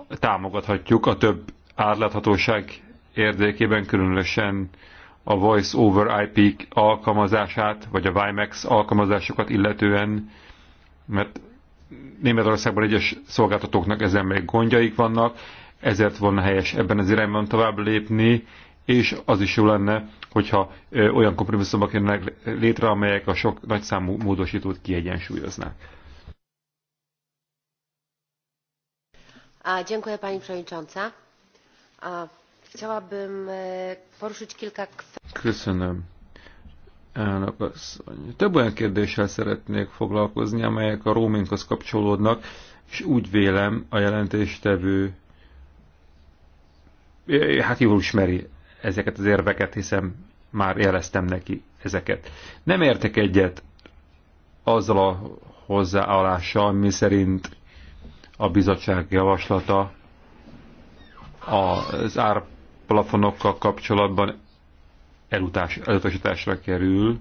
támogathatjuk a több átláthatóság érdekében, különösen a Voice over IP alkalmazását, vagy a WiMAX alkalmazásokat illetően, mert Németországban egyes szolgáltatóknak ezen még gondjaik vannak, ezért volna helyes ebben az irányban tovább lépni, és az is jó lenne, hogyha olyan kompromisszumok jönnek létre, amelyek a sok nagyszámú módosítót kiegyensúlyoznák.
Dziękuję Pani Przewodnicząca. Chciałabym e, poruszyć kilka kwestii.
Köszönöm elnök asszony. Több olyan kérdéssel szeretnék foglalkozni, amelyek a roaminghoz kapcsolódnak, és úgy vélem a jelentéstevő, hát jól ismeri ezeket az érveket, hiszen már jeleztem neki ezeket. Nem értek egyet azzal a hozzáállással, mi szerint a bizottság javaslata az árplafonokkal kapcsolatban elutás, elutasításra kerül,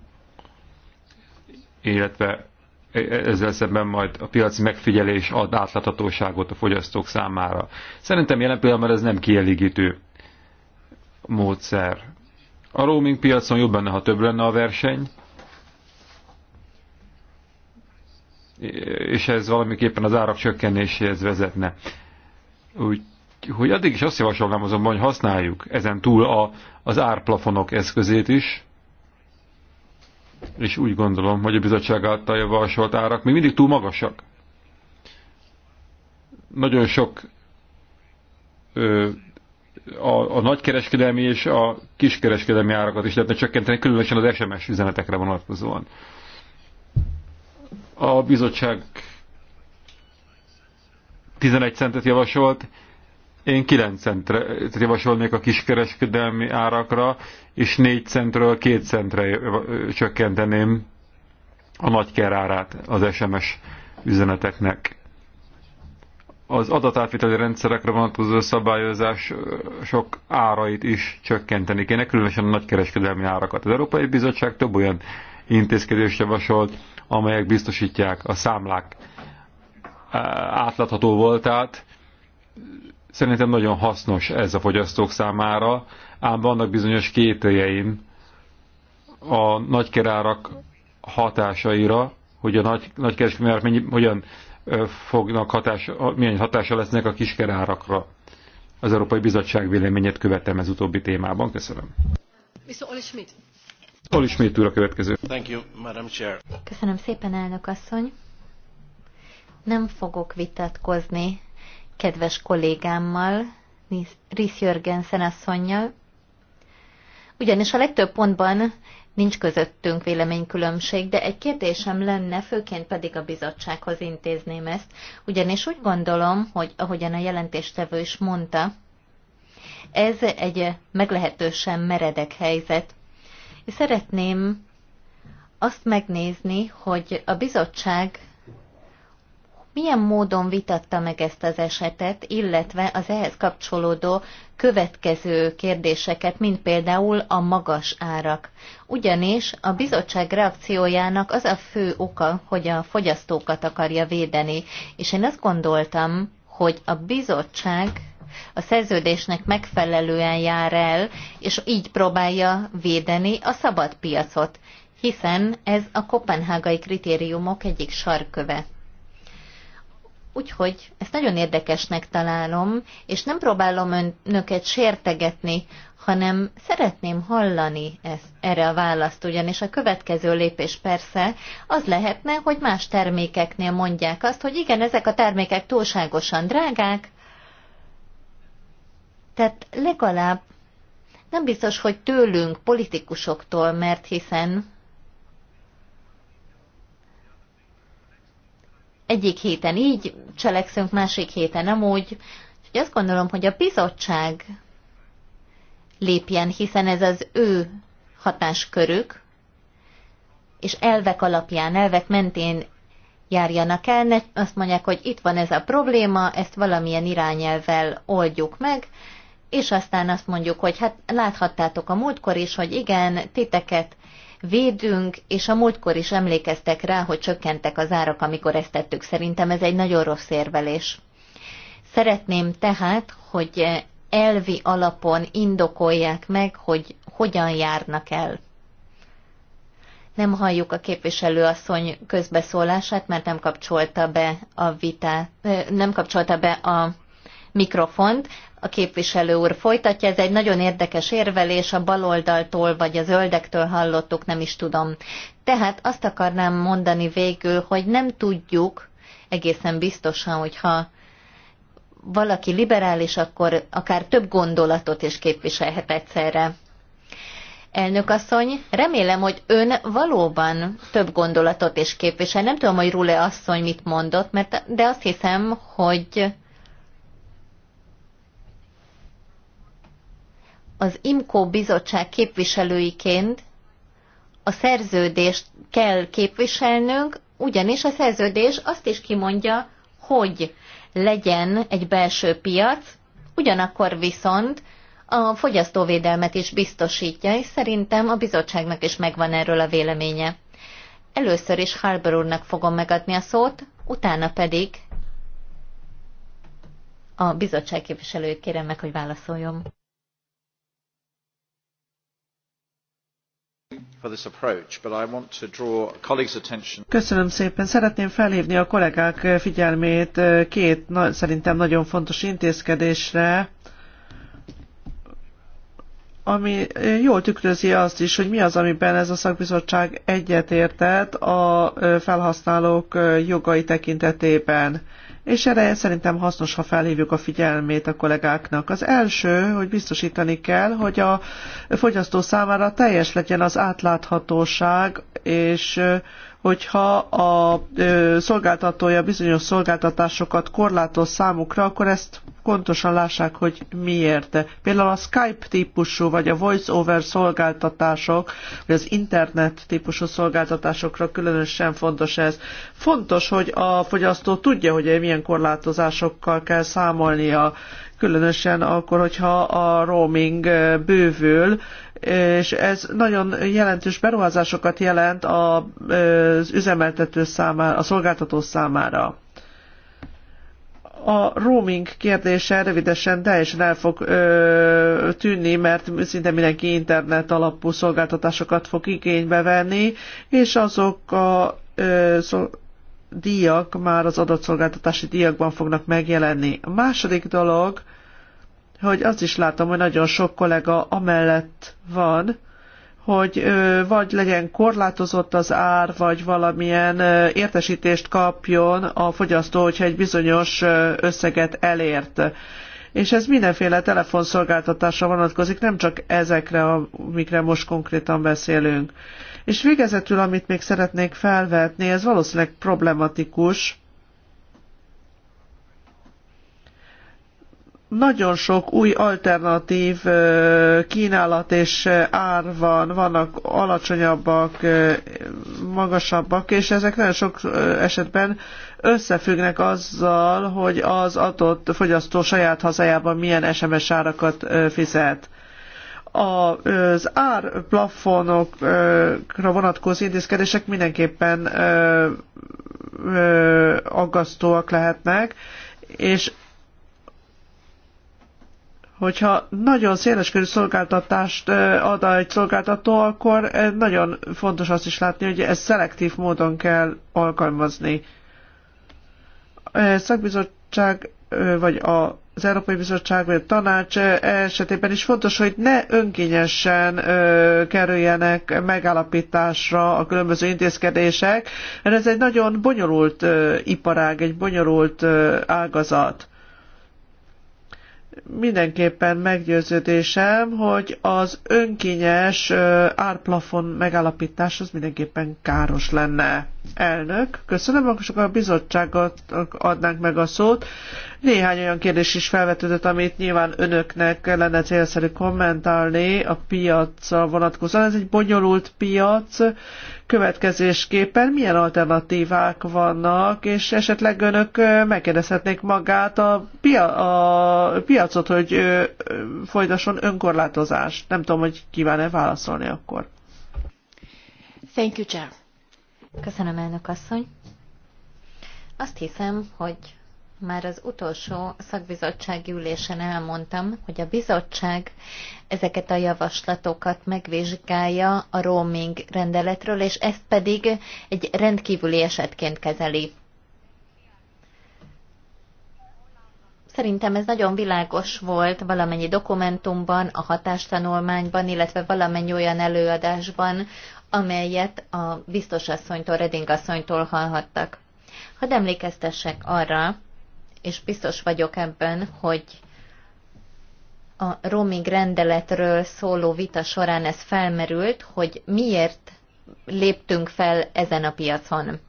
illetve e, e, ezzel szemben majd a piaci megfigyelés ad átláthatóságot a fogyasztók számára. Szerintem jelen pillanatban ez nem kielégítő módszer. A roaming piacon jobb lenne, ha több lenne a verseny, és ez valamiképpen az árak csökkenéséhez vezetne. Úgy hogy addig is azt javasolnám azonban, hogy használjuk ezen túl a, az árplafonok eszközét is, és úgy gondolom, hogy a bizottság által javasolt árak még mindig túl magasak. Nagyon sok ö, a, a nagykereskedelmi és a kiskereskedelmi árakat is lehetne csökkenteni, különösen az SMS üzenetekre vonatkozóan. A bizottság 11 centet javasolt, én 9 centre javasolnék a kiskereskedelmi árakra, és 4 centről 2 centre csökkenteném a nagy árát az SMS üzeneteknek. Az adatátviteli rendszerekre vonatkozó szabályozás sok árait is csökkenteni kéne, különösen a nagykereskedelmi árakat. Az Európai Bizottság több olyan intézkedést javasolt, amelyek biztosítják a számlák átlátható voltát, Szerintem nagyon hasznos ez a fogyasztók számára, ám vannak bizonyos kételjeim a nagykerárak hatásaira, hogy a nagy, nagykereskedelmek mennyi, hogyan fognak hatás, milyen hatása lesznek a kiskerárakra. Az Európai Bizottság véleményét követem ez utóbbi témában. Köszönöm. Oli Schmidt úr a következő. Thank you, Madam Chair.
Köszönöm szépen, elnök asszony. Nem fogok vitatkozni kedves kollégámmal, Risz Jörgensen asszonynal, ugyanis a legtöbb pontban nincs közöttünk véleménykülönbség, de egy kérdésem lenne, főként pedig a bizottsághoz intézném ezt, ugyanis úgy gondolom, hogy ahogyan a jelentéstevő is mondta, ez egy meglehetősen meredek helyzet. És szeretném azt megnézni, hogy a bizottság milyen módon vitatta meg ezt az esetet, illetve az ehhez kapcsolódó következő kérdéseket, mint például a magas árak. Ugyanis a bizottság reakciójának az a fő oka, hogy a fogyasztókat akarja védeni, és én azt gondoltam, hogy a bizottság a szerződésnek megfelelően jár el, és így próbálja védeni a szabad piacot, hiszen ez a kopenhágai kritériumok egyik sarköve. Úgyhogy ezt nagyon érdekesnek találom, és nem próbálom önöket sértegetni, hanem szeretném hallani ezt, erre a választ, ugyanis a következő lépés persze az lehetne, hogy más termékeknél mondják azt, hogy igen, ezek a termékek túlságosan drágák, tehát legalább nem biztos, hogy tőlünk, politikusoktól, mert hiszen egyik héten így cselekszünk, másik héten nem úgy. Úgyhogy azt gondolom, hogy a bizottság lépjen, hiszen ez az ő hatáskörük, és elvek alapján, elvek mentén járjanak el, ne azt mondják, hogy itt van ez a probléma, ezt valamilyen irányelvel oldjuk meg, és aztán azt mondjuk, hogy hát láthattátok a múltkor is, hogy igen, titeket védünk, és a múltkor is emlékeztek rá, hogy csökkentek az árak, amikor ezt tettük. Szerintem ez egy nagyon rossz érvelés. Szeretném tehát, hogy elvi alapon indokolják meg, hogy hogyan járnak el. Nem halljuk a képviselőasszony közbeszólását, mert nem kapcsolta be a vitát, nem kapcsolta be a mikrofont. A képviselő úr folytatja, ez egy nagyon érdekes érvelés, a baloldaltól vagy a zöldektől hallottuk, nem is tudom. Tehát azt akarnám mondani végül, hogy nem tudjuk egészen biztosan, hogyha valaki liberális, akkor akár több gondolatot is képviselhet egyszerre. Elnök asszony, remélem, hogy ön valóban több gondolatot is képvisel. Nem tudom, hogy Rule asszony mit mondott, mert, de azt hiszem, hogy az IMCO bizottság képviselőiként a szerződést kell képviselnünk, ugyanis a szerződés azt is kimondja, hogy legyen egy belső piac, ugyanakkor viszont a fogyasztóvédelmet is biztosítja, és szerintem a bizottságnak is megvan erről a véleménye. Először is Harbour úrnak fogom megadni a szót, utána pedig a bizottság képviselőjét kérem meg, hogy válaszoljon.
Köszönöm szépen. Szeretném felhívni a kollégák figyelmét két szerintem nagyon fontos intézkedésre, ami jól tükrözi azt is, hogy mi az, amiben ez a szakbizottság egyetértett a felhasználók jogai tekintetében és erre szerintem hasznos, ha felhívjuk a figyelmét a kollégáknak. Az első, hogy biztosítani kell, hogy a fogyasztó számára teljes legyen az átláthatóság, és hogyha a szolgáltatója bizonyos szolgáltatásokat korlátoz számukra, akkor ezt pontosan lássák, hogy miért. Például a Skype típusú, vagy a voice-over szolgáltatások, vagy az internet típusú szolgáltatásokra különösen fontos ez. Fontos, hogy a fogyasztó tudja, hogy milyen korlátozásokkal kell számolnia, különösen akkor, hogyha a roaming bővül, és ez nagyon jelentős beruházásokat jelent az üzemeltető számára, a szolgáltató számára a roaming kérdése rövidesen teljesen el fog ö, tűnni, mert szinte mindenki internet alapú szolgáltatásokat fog igénybe venni, és azok a ö, szó, díjak már az adott szolgáltatási díjakban fognak megjelenni. A második dolog, hogy azt is látom, hogy nagyon sok kollega amellett van, hogy vagy legyen korlátozott az ár, vagy valamilyen értesítést kapjon a fogyasztó, hogyha egy bizonyos összeget elért. És ez mindenféle telefonszolgáltatásra vonatkozik, nem csak ezekre, amikre most konkrétan beszélünk. És végezetül, amit még szeretnék felvetni, ez valószínűleg problematikus, nagyon sok új alternatív kínálat és ár van, vannak alacsonyabbak, magasabbak, és ezek nagyon sok esetben összefüggnek azzal, hogy az adott fogyasztó saját hazájában milyen SMS árakat fizet az árplafonokra vonatkozó intézkedések mindenképpen aggasztóak lehetnek, és hogyha nagyon széleskörű szolgáltatást ad egy szolgáltató, akkor nagyon fontos azt is látni, hogy ezt szelektív módon kell alkalmazni. A szakbizottság, vagy az Európai Bizottság, vagy a tanács esetében is fontos, hogy ne önkényesen kerüljenek megállapításra a különböző intézkedések, mert ez egy nagyon bonyolult iparág, egy bonyolult ágazat mindenképpen meggyőződésem, hogy az önkényes árplafon megállapítás az mindenképpen káros lenne. Elnök, köszönöm, akkor csak a bizottságot adnánk meg a szót. Néhány olyan kérdés is felvetődött, amit nyilván önöknek lenne célszerű kommentálni a piacra vonatkozóan. Ez egy bonyolult piac, következésképpen milyen alternatívák vannak, és esetleg önök megkérdezhetnék magát a, pia- a piacot, hogy folytasson önkorlátozást. Nem tudom, hogy kíván-e válaszolni akkor.
Thank you, Jack. Köszönöm, elnök asszony. Azt hiszem, hogy már az utolsó szakbizottsági ülésen elmondtam, hogy a bizottság ezeket a javaslatokat megvizsgálja a roaming rendeletről, és ezt pedig egy rendkívüli esetként kezeli. Szerintem ez nagyon világos volt valamennyi dokumentumban, a hatástanulmányban, illetve valamennyi olyan előadásban, amelyet a biztos asszonytól, Reding asszonytól hallhattak. Hadd emlékeztessek arra, és biztos vagyok ebben, hogy a roaming rendeletről szóló vita során ez felmerült, hogy miért léptünk fel ezen a piacon.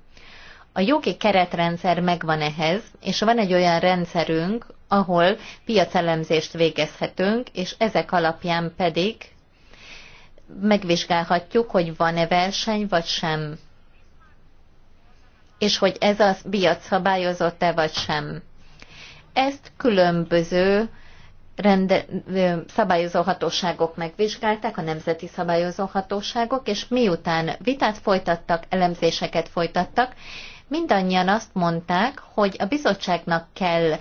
A jogi keretrendszer megvan ehhez, és van egy olyan rendszerünk, ahol piacelemzést végezhetünk, és ezek alapján pedig megvizsgálhatjuk, hogy van-e verseny, vagy sem. És hogy ez a piac szabályozott-e, vagy sem. Ezt különböző rende, szabályozó hatóságok megvizsgálták, a nemzeti szabályozó hatóságok, és miután vitát folytattak, elemzéseket folytattak, mindannyian azt mondták, hogy a bizottságnak kell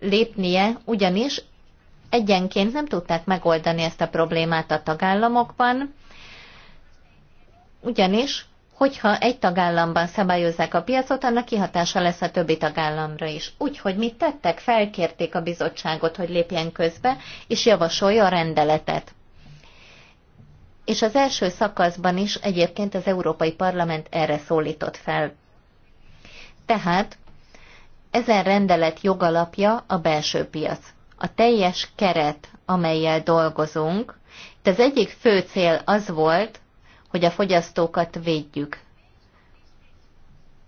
lépnie, ugyanis egyenként nem tudták megoldani ezt a problémát a tagállamokban, ugyanis, hogyha egy tagállamban szabályozzák a piacot, annak kihatása lesz a többi tagállamra is. Úgyhogy mit tettek? Felkérték a bizottságot, hogy lépjen közbe, és javasolja a rendeletet. És az első szakaszban is egyébként az Európai Parlament erre szólított fel. Tehát ezen rendelet jogalapja a belső piac a teljes keret, amelyel dolgozunk. Itt az egyik fő cél az volt, hogy a fogyasztókat védjük.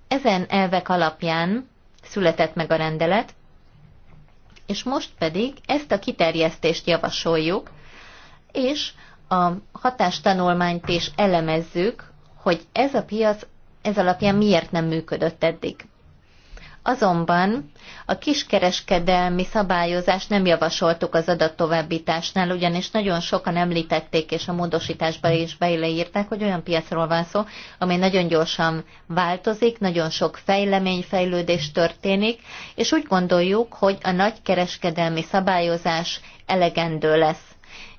Ezen elvek alapján született meg a rendelet, és most pedig ezt a kiterjesztést javasoljuk, és a hatástanulmányt is elemezzük, hogy ez a piac ez alapján miért nem működött eddig. Azonban a kiskereskedelmi szabályozást nem javasoltuk az adattovábbításnál, ugyanis nagyon sokan említették, és a módosításba is beleírták, hogy olyan piacról van szó, amely nagyon gyorsan változik, nagyon sok fejlemény, fejlődés történik, és úgy gondoljuk, hogy a nagy kereskedelmi szabályozás elegendő lesz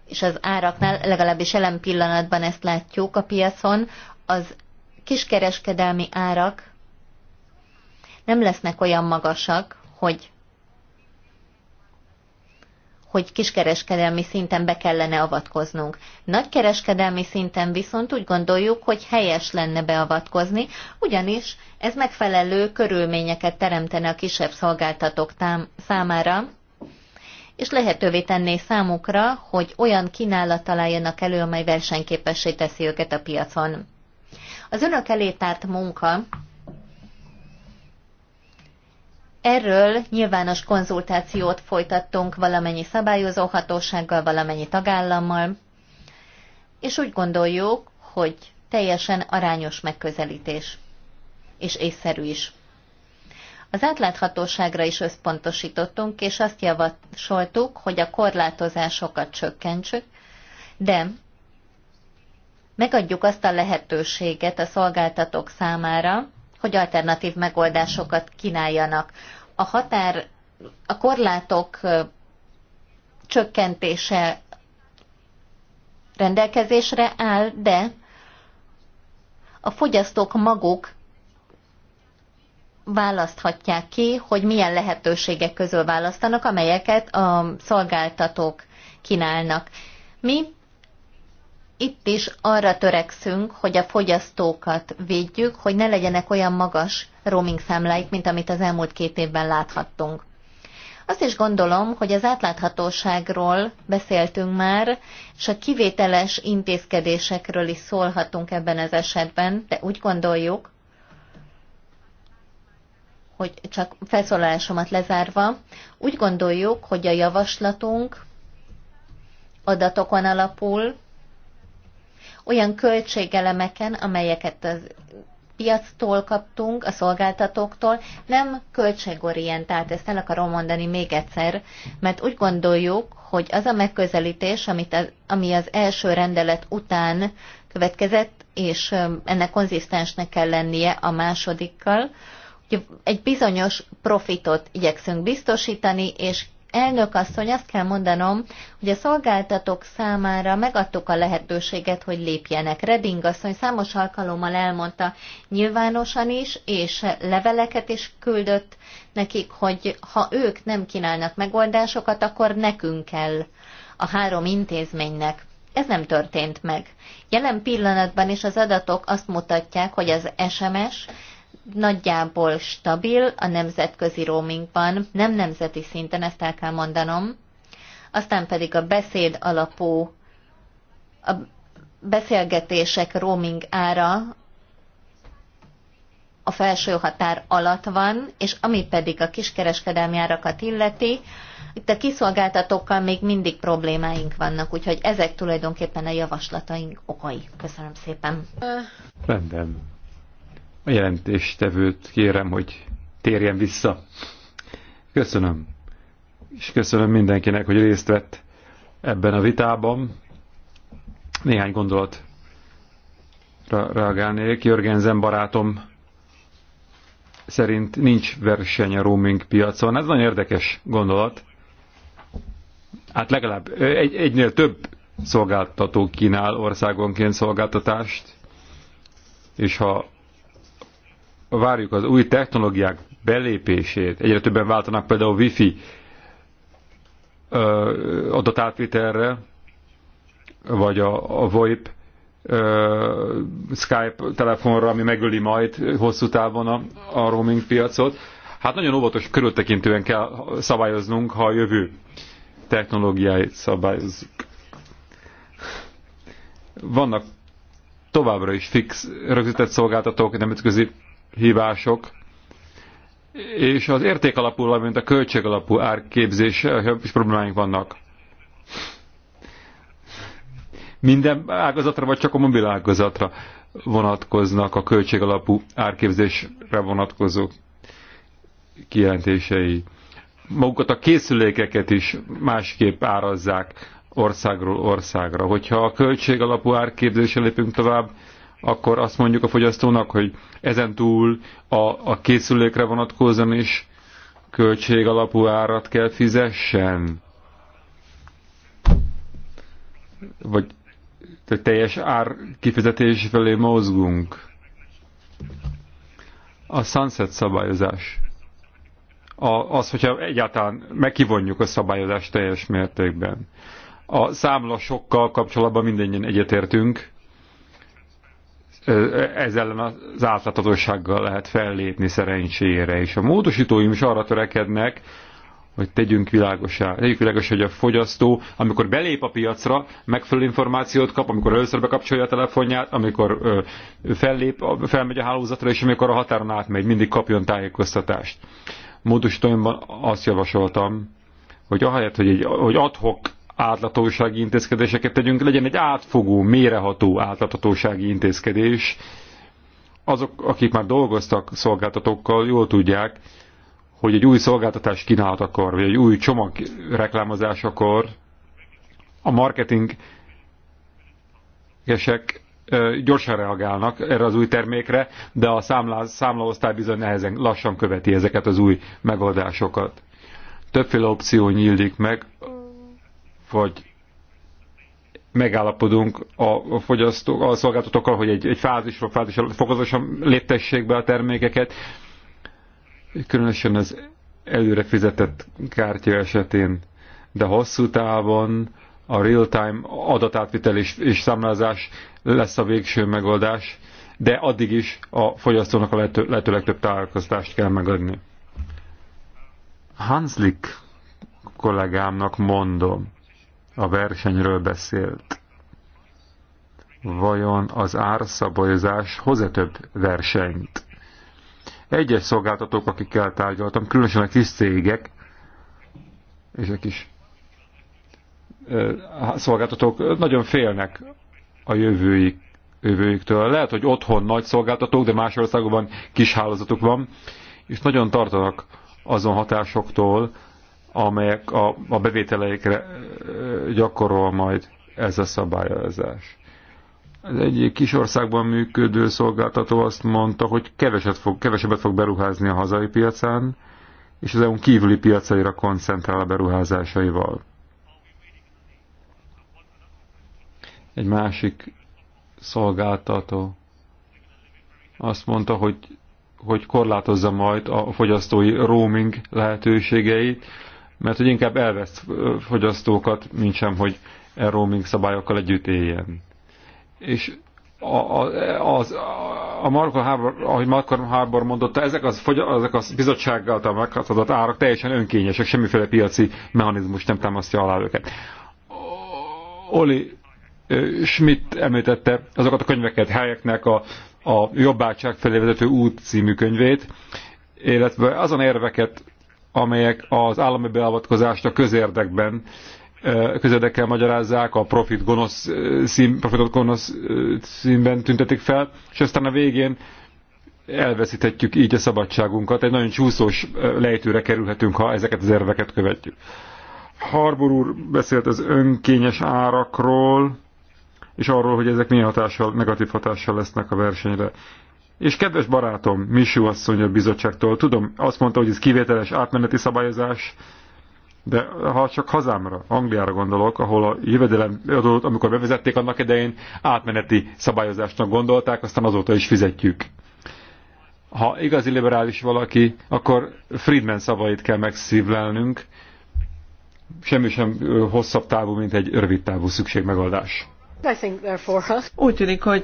és az áraknál, legalábbis jelen pillanatban ezt látjuk a piacon, az kiskereskedelmi árak nem lesznek olyan magasak, hogy hogy kiskereskedelmi szinten be kellene avatkoznunk. Nagykereskedelmi szinten viszont úgy gondoljuk, hogy helyes lenne beavatkozni, ugyanis ez megfelelő körülményeket teremtene a kisebb szolgáltatók tám- számára, és lehetővé tenné számukra, hogy olyan kínálat találjanak elő, amely versenyképessé teszi őket a piacon. Az önök elé tárt munka Erről nyilvános konzultációt folytattunk valamennyi szabályozó hatósággal, valamennyi tagállammal, és úgy gondoljuk, hogy teljesen arányos megközelítés, és észszerű is. Az átláthatóságra is összpontosítottunk, és azt javasoltuk, hogy a korlátozásokat csökkentsük, de megadjuk azt a lehetőséget a szolgáltatók számára, hogy alternatív megoldásokat kínáljanak a határ, a korlátok csökkentése rendelkezésre áll, de a fogyasztók maguk választhatják ki, hogy milyen lehetőségek közül választanak, amelyeket a szolgáltatók kínálnak. Mi itt is arra törekszünk, hogy a fogyasztókat védjük, hogy ne legyenek olyan magas roaming számláik, mint amit az elmúlt két évben láthattunk. Azt is gondolom, hogy az átláthatóságról beszéltünk már, és a kivételes intézkedésekről is szólhatunk ebben az esetben, de úgy gondoljuk, hogy csak felszólalásomat lezárva, úgy gondoljuk, hogy a javaslatunk adatokon alapul, olyan költségelemeken, amelyeket az piactól kaptunk, a szolgáltatóktól, nem költségorientált, ezt el akarom mondani még egyszer, mert úgy gondoljuk, hogy az a megközelítés, amit az, ami az első rendelet után következett, és ennek konzisztensnek kell lennie a másodikkal, hogy egy bizonyos profitot igyekszünk biztosítani, és Elnök asszony, azt kell mondanom, hogy a szolgáltatók számára megadtuk a lehetőséget, hogy lépjenek. Reding asszony számos alkalommal elmondta nyilvánosan is, és leveleket is küldött nekik, hogy ha ők nem kínálnak megoldásokat, akkor nekünk kell a három intézménynek. Ez nem történt meg. Jelen pillanatban is az adatok azt mutatják, hogy az SMS nagyjából stabil a nemzetközi roamingban, nem nemzeti szinten, ezt el kell mondanom. Aztán pedig a beszéd alapú, a beszélgetések roaming ára a felső határ alatt van, és ami pedig a kiskereskedelmi árakat illeti, itt a kiszolgáltatókkal még mindig problémáink vannak, úgyhogy ezek tulajdonképpen a javaslataink okai. Köszönöm szépen.
Rendben. A jelentéstevőt kérem, hogy térjen vissza. Köszönöm. És köszönöm mindenkinek, hogy részt vett ebben a vitában. Néhány gondolat reagálnék. Jörgenzen barátom szerint nincs verseny a roaming piacon. Ez nagyon érdekes gondolat. Hát legalább egy, egynél több szolgáltató kínál országonként szolgáltatást, és ha várjuk az új technológiák belépését, egyre többen váltanak például wifi ö, adatátvitelre, vagy a, a VoIP ö, Skype telefonra, ami megöli majd hosszú távon a, a roaming piacot. Hát nagyon óvatos körültekintően kell szabályoznunk, ha a jövő technológiáit szabályozzuk. Vannak továbbra is fix rögzített szolgáltatók nemzetközi hívások, és az értékalapú, valamint a költségalapú árképzés eh, is problémáink vannak. Minden ágazatra, vagy csak a mobil ágazatra vonatkoznak a költségalapú árképzésre vonatkozó kijelentései. Magukat a készülékeket is másképp árazzák országról országra. Hogyha a költségalapú árképzésre lépünk tovább, akkor azt mondjuk a fogyasztónak, hogy ezen túl a, a készülékre vonatkozóan is költség alapú árat kell fizessen? Vagy teljes ár kifizetés felé mozgunk? A sunset szabályozás. A, az, hogyha egyáltalán megkivonjuk a szabályozást teljes mértékben. A számla sokkal kapcsolatban mindennyien egyetértünk, ezzel az átláthatósággal lehet fellépni szerencsére, és a módosítóim is arra törekednek, hogy tegyünk világosá, tegyük világos, hogy a fogyasztó, amikor belép a piacra, megfelelő információt kap, amikor először bekapcsolja a telefonját, amikor ö, fellép, felmegy a hálózatra, és amikor a határon átmegy, mindig kapjon tájékoztatást. Módosítóimban azt javasoltam, hogy ahelyett, hogy, egy, hogy adhok átlatósági intézkedéseket tegyünk, legyen egy átfogó, méreható átláthatósági intézkedés. Azok, akik már dolgoztak szolgáltatókkal, jól tudják, hogy egy új szolgáltatás kínálat akar, vagy egy új csomag reklámozás akar, a marketingesek gyorsan reagálnak erre az új termékre, de a számla, számlaosztály bizony nehezen lassan követi ezeket az új megoldásokat. Többféle opció nyílik meg vagy megállapodunk a fogyasztók, a szolgáltatókkal, hogy egy, egy fázisról fázisra fokozatosan léptessék be a termékeket, különösen az előre fizetett kártya esetén, de hosszú távon a real-time adatátvitel és, és számlázás lesz a végső megoldás, de addig is a fogyasztónak a lehető, lehető legtöbb találkoztást kell megadni. Hanslik kollégámnak mondom, a versenyről beszélt. Vajon az árszabályozás hoz-e több versenyt? Egyes szolgáltatók, akikkel tárgyaltam, különösen a kis cégek, és a kis szolgáltatók nagyon félnek a jövőik, jövőiktől. Lehet, hogy otthon nagy szolgáltatók, de más országokban kis hálózatuk van, és nagyon tartanak azon hatásoktól, amelyek a, a bevételeikre gyakorol majd ez a szabályozás. Az egyik kis országban működő szolgáltató azt mondta, hogy keveset fog, kevesebbet fog beruházni a hazai piacán, és az EU-n kívüli piacaira koncentrál a beruházásaival. Egy másik szolgáltató azt mondta, hogy, hogy korlátozza majd a fogyasztói roaming lehetőségeit, mert hogy inkább elvesz fogyasztókat, mint sem, hogy e roaming szabályokkal együtt éljen. És a, a, az, a a Marko Hábor, ahogy Malcolm Hábor mondotta, ezek az, ezek az bizottsággal meghatadott árak teljesen önkényesek, semmiféle piaci mechanizmus nem támasztja alá őket. Oli Schmidt említette azokat a könyveket, helyeknek a, a jobbátság felé vezető út című könyvét, illetve azon érveket amelyek az állami beavatkozást a közérdekben közérdekkel magyarázzák, a profit gonosz szín, profitot gonosz színben tüntetik fel, és aztán a végén elveszíthetjük így a szabadságunkat. Egy nagyon csúszós lejtőre kerülhetünk, ha ezeket az érveket követjük. Harbor úr beszélt az önkényes árakról, és arról, hogy ezek milyen hatással, negatív hatással lesznek a versenyre. És kedves barátom, Misú asszony a bizottságtól, tudom, azt mondta, hogy ez kivételes átmeneti szabályozás, de ha csak hazámra, Angliára gondolok, ahol a jövedelem adót, amikor bevezették annak idején, átmeneti szabályozásnak gondolták, aztán azóta is fizetjük. Ha igazi liberális valaki, akkor Friedman szavait kell megszívlelnünk, semmi sem hosszabb távú, mint egy rövid távú szükségmegoldás.
Úgy tűnik, hogy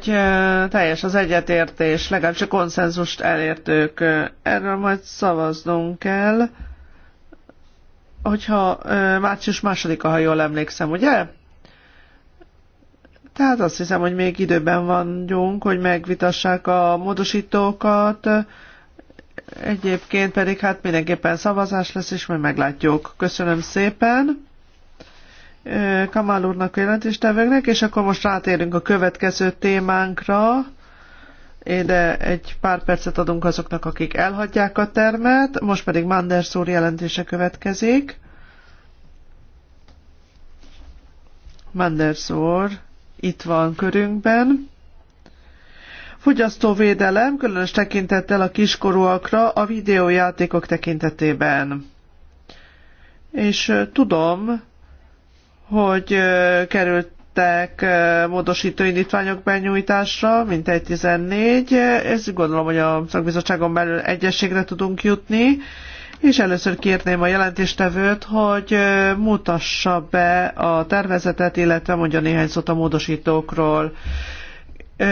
teljes az egyetértés, legalábbis a konszenzust elértők. Erről majd szavaznunk kell, hogyha március második, ha jól emlékszem, ugye? Tehát azt hiszem, hogy még időben vagyunk, hogy megvitassák a módosítókat, egyébként pedig hát mindenképpen szavazás lesz, és majd meglátjuk. Köszönöm szépen! Kamal úrnak, a jelentéstevőknek, és akkor most rátérünk a következő témánkra. Ide egy pár percet adunk azoknak, akik elhagyják a termet, most pedig Manders úr jelentése következik. Manders úr itt van körünkben. Fogyasztóvédelem különös tekintettel a kiskorúakra a videójátékok tekintetében. És tudom, hogy kerültek módosító indítványok benyújtásra, egy 14. Ez gondolom, hogy a szakbizottságon belül egyességre tudunk jutni. És először kérném a jelentéstevőt, hogy mutassa be a tervezetet, illetve mondja néhány szót a módosítókról.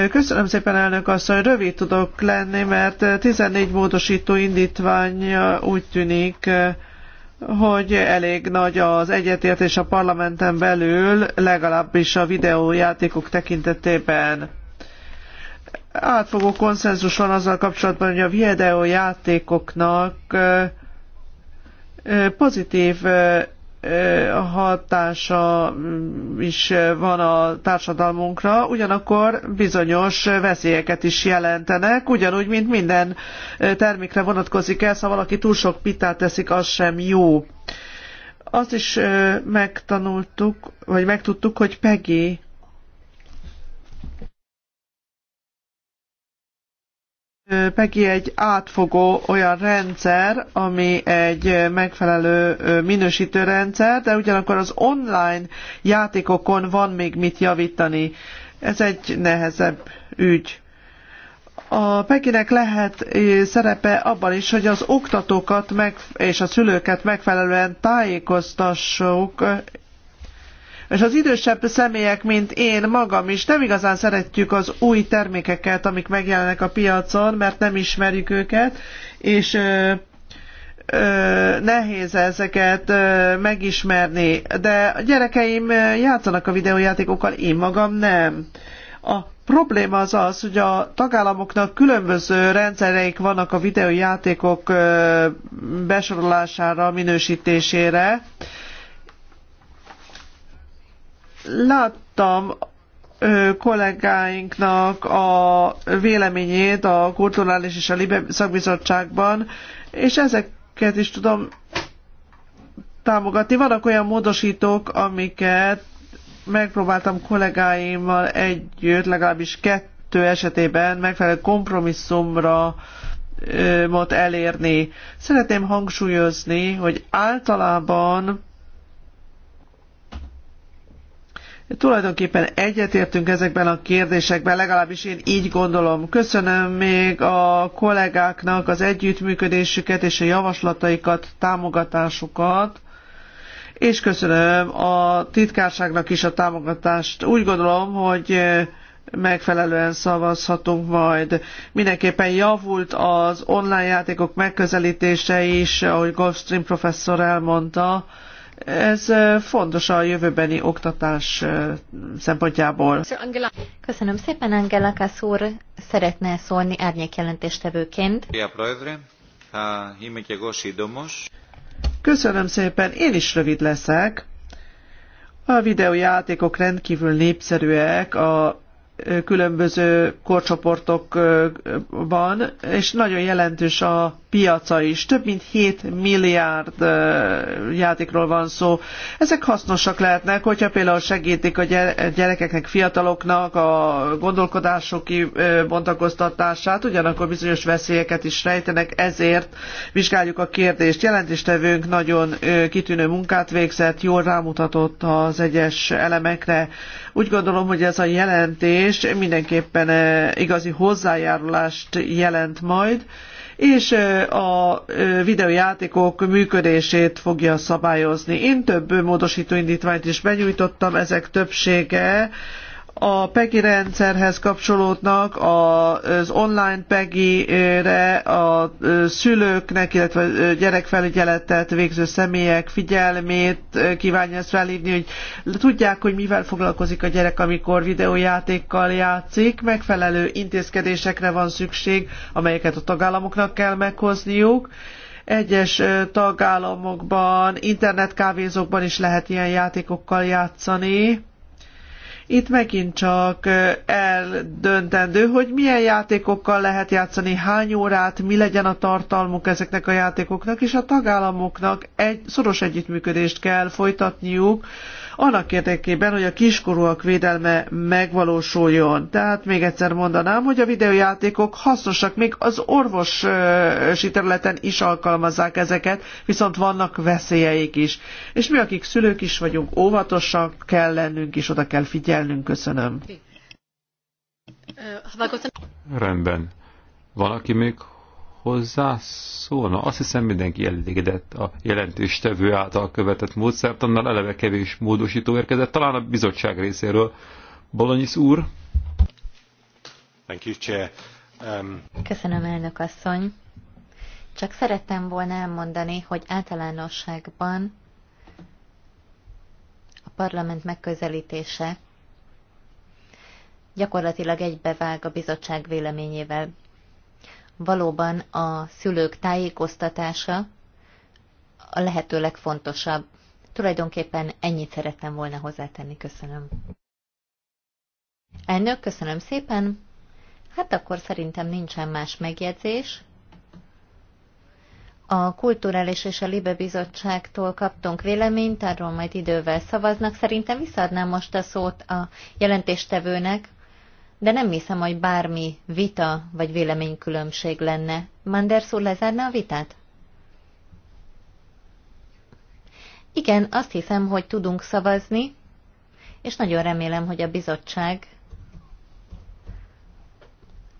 Köszönöm szépen, elnök asszony, rövid tudok lenni, mert 14 módosító indítvány úgy tűnik, hogy elég nagy az egyetértés a parlamenten belül, legalábbis a videójátékok tekintetében. Átfogó konszenzus van azzal kapcsolatban, hogy a videójátékoknak pozitív hatása mm, is van a társadalmunkra, ugyanakkor bizonyos veszélyeket is jelentenek, ugyanúgy, mint minden termékre vonatkozik ez, ha valaki túl sok pitát teszik, az sem jó. Azt is megtanultuk, vagy megtudtuk, hogy Peggy Peggy egy átfogó olyan rendszer, ami egy megfelelő minősítő rendszer, de ugyanakkor az online játékokon van még mit javítani. Ez egy nehezebb ügy. A Pekinek lehet szerepe abban is, hogy az oktatókat meg, és a szülőket megfelelően tájékoztassuk és az idősebb személyek, mint én magam is nem igazán szeretjük az új termékeket, amik megjelennek a piacon, mert nem ismerjük őket, és nehéz ezeket megismerni, de a gyerekeim játszanak a videójátékokkal, én magam nem. A probléma az az, hogy a tagállamoknak különböző rendszereik vannak a videójátékok besorolására, minősítésére, láttam kollégáinknak a véleményét a Kulturális és a Libe Szakbizottságban, és ezeket is tudom támogatni. Vannak olyan módosítók, amiket megpróbáltam kollégáimmal együtt, legalábbis kettő esetében megfelelő kompromisszumra elérni. Szeretném hangsúlyozni, hogy általában Tulajdonképpen egyetértünk ezekben a kérdésekben, legalábbis én így gondolom. Köszönöm még a kollégáknak az együttműködésüket és a javaslataikat, támogatásukat, és köszönöm a titkárságnak is a támogatást. Úgy gondolom, hogy megfelelően szavazhatunk majd. Mindenképpen javult az online játékok megközelítése is, ahogy Goldstream professzor elmondta, ez fontos a jövőbeni oktatás szempontjából.
Köszönöm szépen, Angela Kassur szeretne szólni árnyékjelentéstevőként. Köszönöm szépen, én is rövid leszek. A
videójátékok rendkívül népszerűek a különböző korcsoportokban, és nagyon jelentős a piaca is. Több mint 7 milliárd játékról van szó. Ezek hasznosak lehetnek, hogyha például segítik a gyerekeknek, fiataloknak a gondolkodások bontakoztatását, ugyanakkor bizonyos veszélyeket is rejtenek, ezért vizsgáljuk a kérdést. Jelentéstevőnk nagyon kitűnő munkát végzett, jól rámutatott az egyes elemekre. Úgy gondolom, hogy ez a jelentés mindenképpen eh, igazi hozzájárulást jelent majd, és eh, a eh, videójátékok működését fogja szabályozni. Én több módosító indítványt is benyújtottam, ezek többsége a PEGI rendszerhez kapcsolódnak, az online PEGI-re a szülőknek, illetve gyerekfelügyeletet végző személyek figyelmét kívánja ezt felhívni, hogy tudják, hogy mivel foglalkozik a gyerek, amikor videójátékkal játszik, megfelelő intézkedésekre van szükség, amelyeket a tagállamoknak kell meghozniuk, egyes tagállamokban, internetkávézókban is lehet ilyen játékokkal játszani itt megint csak eldöntendő, hogy milyen játékokkal lehet játszani, hány órát, mi legyen a tartalmuk ezeknek a játékoknak, és a tagállamoknak egy szoros együttműködést kell folytatniuk, annak érdekében, hogy a kiskorúak védelme megvalósuljon. Tehát még egyszer mondanám, hogy a videójátékok hasznosak, még az orvosi területen is alkalmazzák ezeket, viszont vannak veszélyeik is. És mi, akik szülők is vagyunk, óvatosak kell lennünk, és oda kell figyelnünk. Köszönöm.
Rendben. Van, aki még hozzászólna. Azt hiszem mindenki elégedett a tevő által követett módszert, annál eleve kevés módosító érkezett, talán a bizottság részéről. Bolonyis úr. Thank you, Chair. Um... Köszönöm,
elnök asszony. Csak szerettem volna elmondani, hogy általánosságban a parlament megközelítése gyakorlatilag egybevág a bizottság véleményével valóban a szülők tájékoztatása a lehető legfontosabb. Tulajdonképpen ennyit szerettem volna hozzátenni. Köszönöm. Elnök, köszönöm szépen. Hát akkor szerintem nincsen más megjegyzés. A Kulturális és a Libe Bizottságtól kaptunk véleményt, arról majd idővel szavaznak. Szerintem visszaadnám most a szót a jelentéstevőnek, de nem hiszem, hogy bármi vita vagy véleménykülönbség lenne. Manders úr lezárná a vitát? Igen, azt hiszem, hogy tudunk szavazni, és nagyon remélem, hogy a bizottság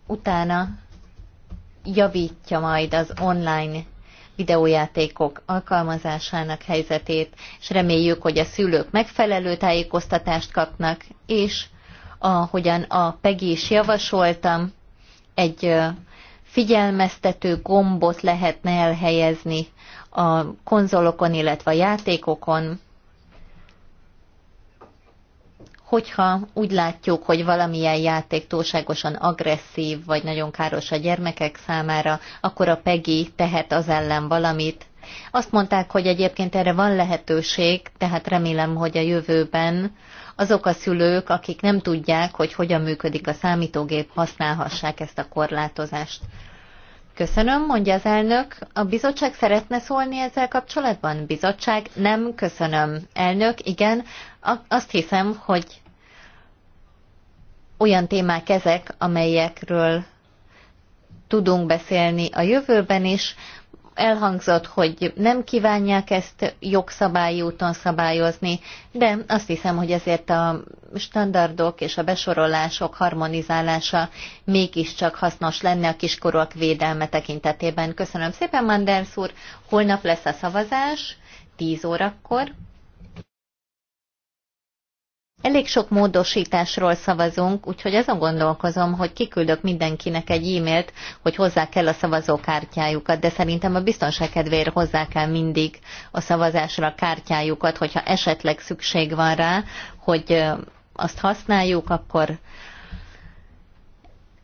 utána javítja majd az online videójátékok alkalmazásának helyzetét, és reméljük, hogy a szülők megfelelő tájékoztatást kapnak, és ahogyan a Pegi is javasoltam, egy figyelmeztető gombot lehetne elhelyezni a konzolokon, illetve a játékokon, hogyha úgy látjuk, hogy valamilyen játék túlságosan agresszív, vagy nagyon káros a gyermekek számára, akkor a PEGI tehet az ellen valamit. Azt mondták, hogy egyébként erre van lehetőség, tehát remélem, hogy a jövőben azok a szülők, akik nem tudják, hogy hogyan működik a számítógép, használhassák ezt a korlátozást. Köszönöm, mondja az elnök. A bizottság szeretne szólni ezzel kapcsolatban? Bizottság, nem, köszönöm. Elnök, igen, azt hiszem, hogy olyan témák ezek, amelyekről tudunk beszélni a jövőben is elhangzott, hogy nem kívánják ezt jogszabályi úton szabályozni, de azt hiszem, hogy ezért a standardok és a besorolások harmonizálása mégiscsak hasznos lenne a kiskorúak védelme tekintetében. Köszönöm szépen, Manders úr! Holnap lesz a szavazás, 10 órakor. Elég sok módosításról szavazunk, úgyhogy azon gondolkozom, hogy kiküldök mindenkinek egy e-mailt, hogy hozzá kell a szavazókártyájukat, de szerintem a biztonság kedvéért hozzá kell mindig a szavazásra a kártyájukat, hogyha esetleg szükség van rá, hogy azt használjuk, akkor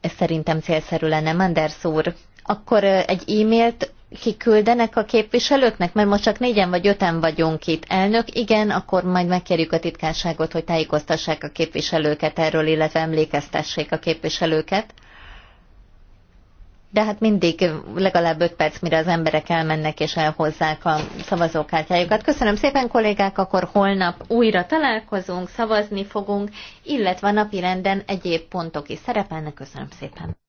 ez szerintem célszerű lenne, Manders úr. Akkor egy e-mailt kiküldenek a képviselőknek? Mert most csak négyen vagy öten vagyunk itt. Elnök, igen, akkor majd megkérjük a titkárságot, hogy tájékoztassák a képviselőket erről, illetve emlékeztessék a képviselőket. De hát mindig legalább öt perc, mire az emberek elmennek és elhozzák a szavazókártyájukat. Köszönöm szépen, kollégák, akkor holnap újra találkozunk, szavazni fogunk, illetve a napi renden egyéb pontok is szerepelnek. Köszönöm szépen.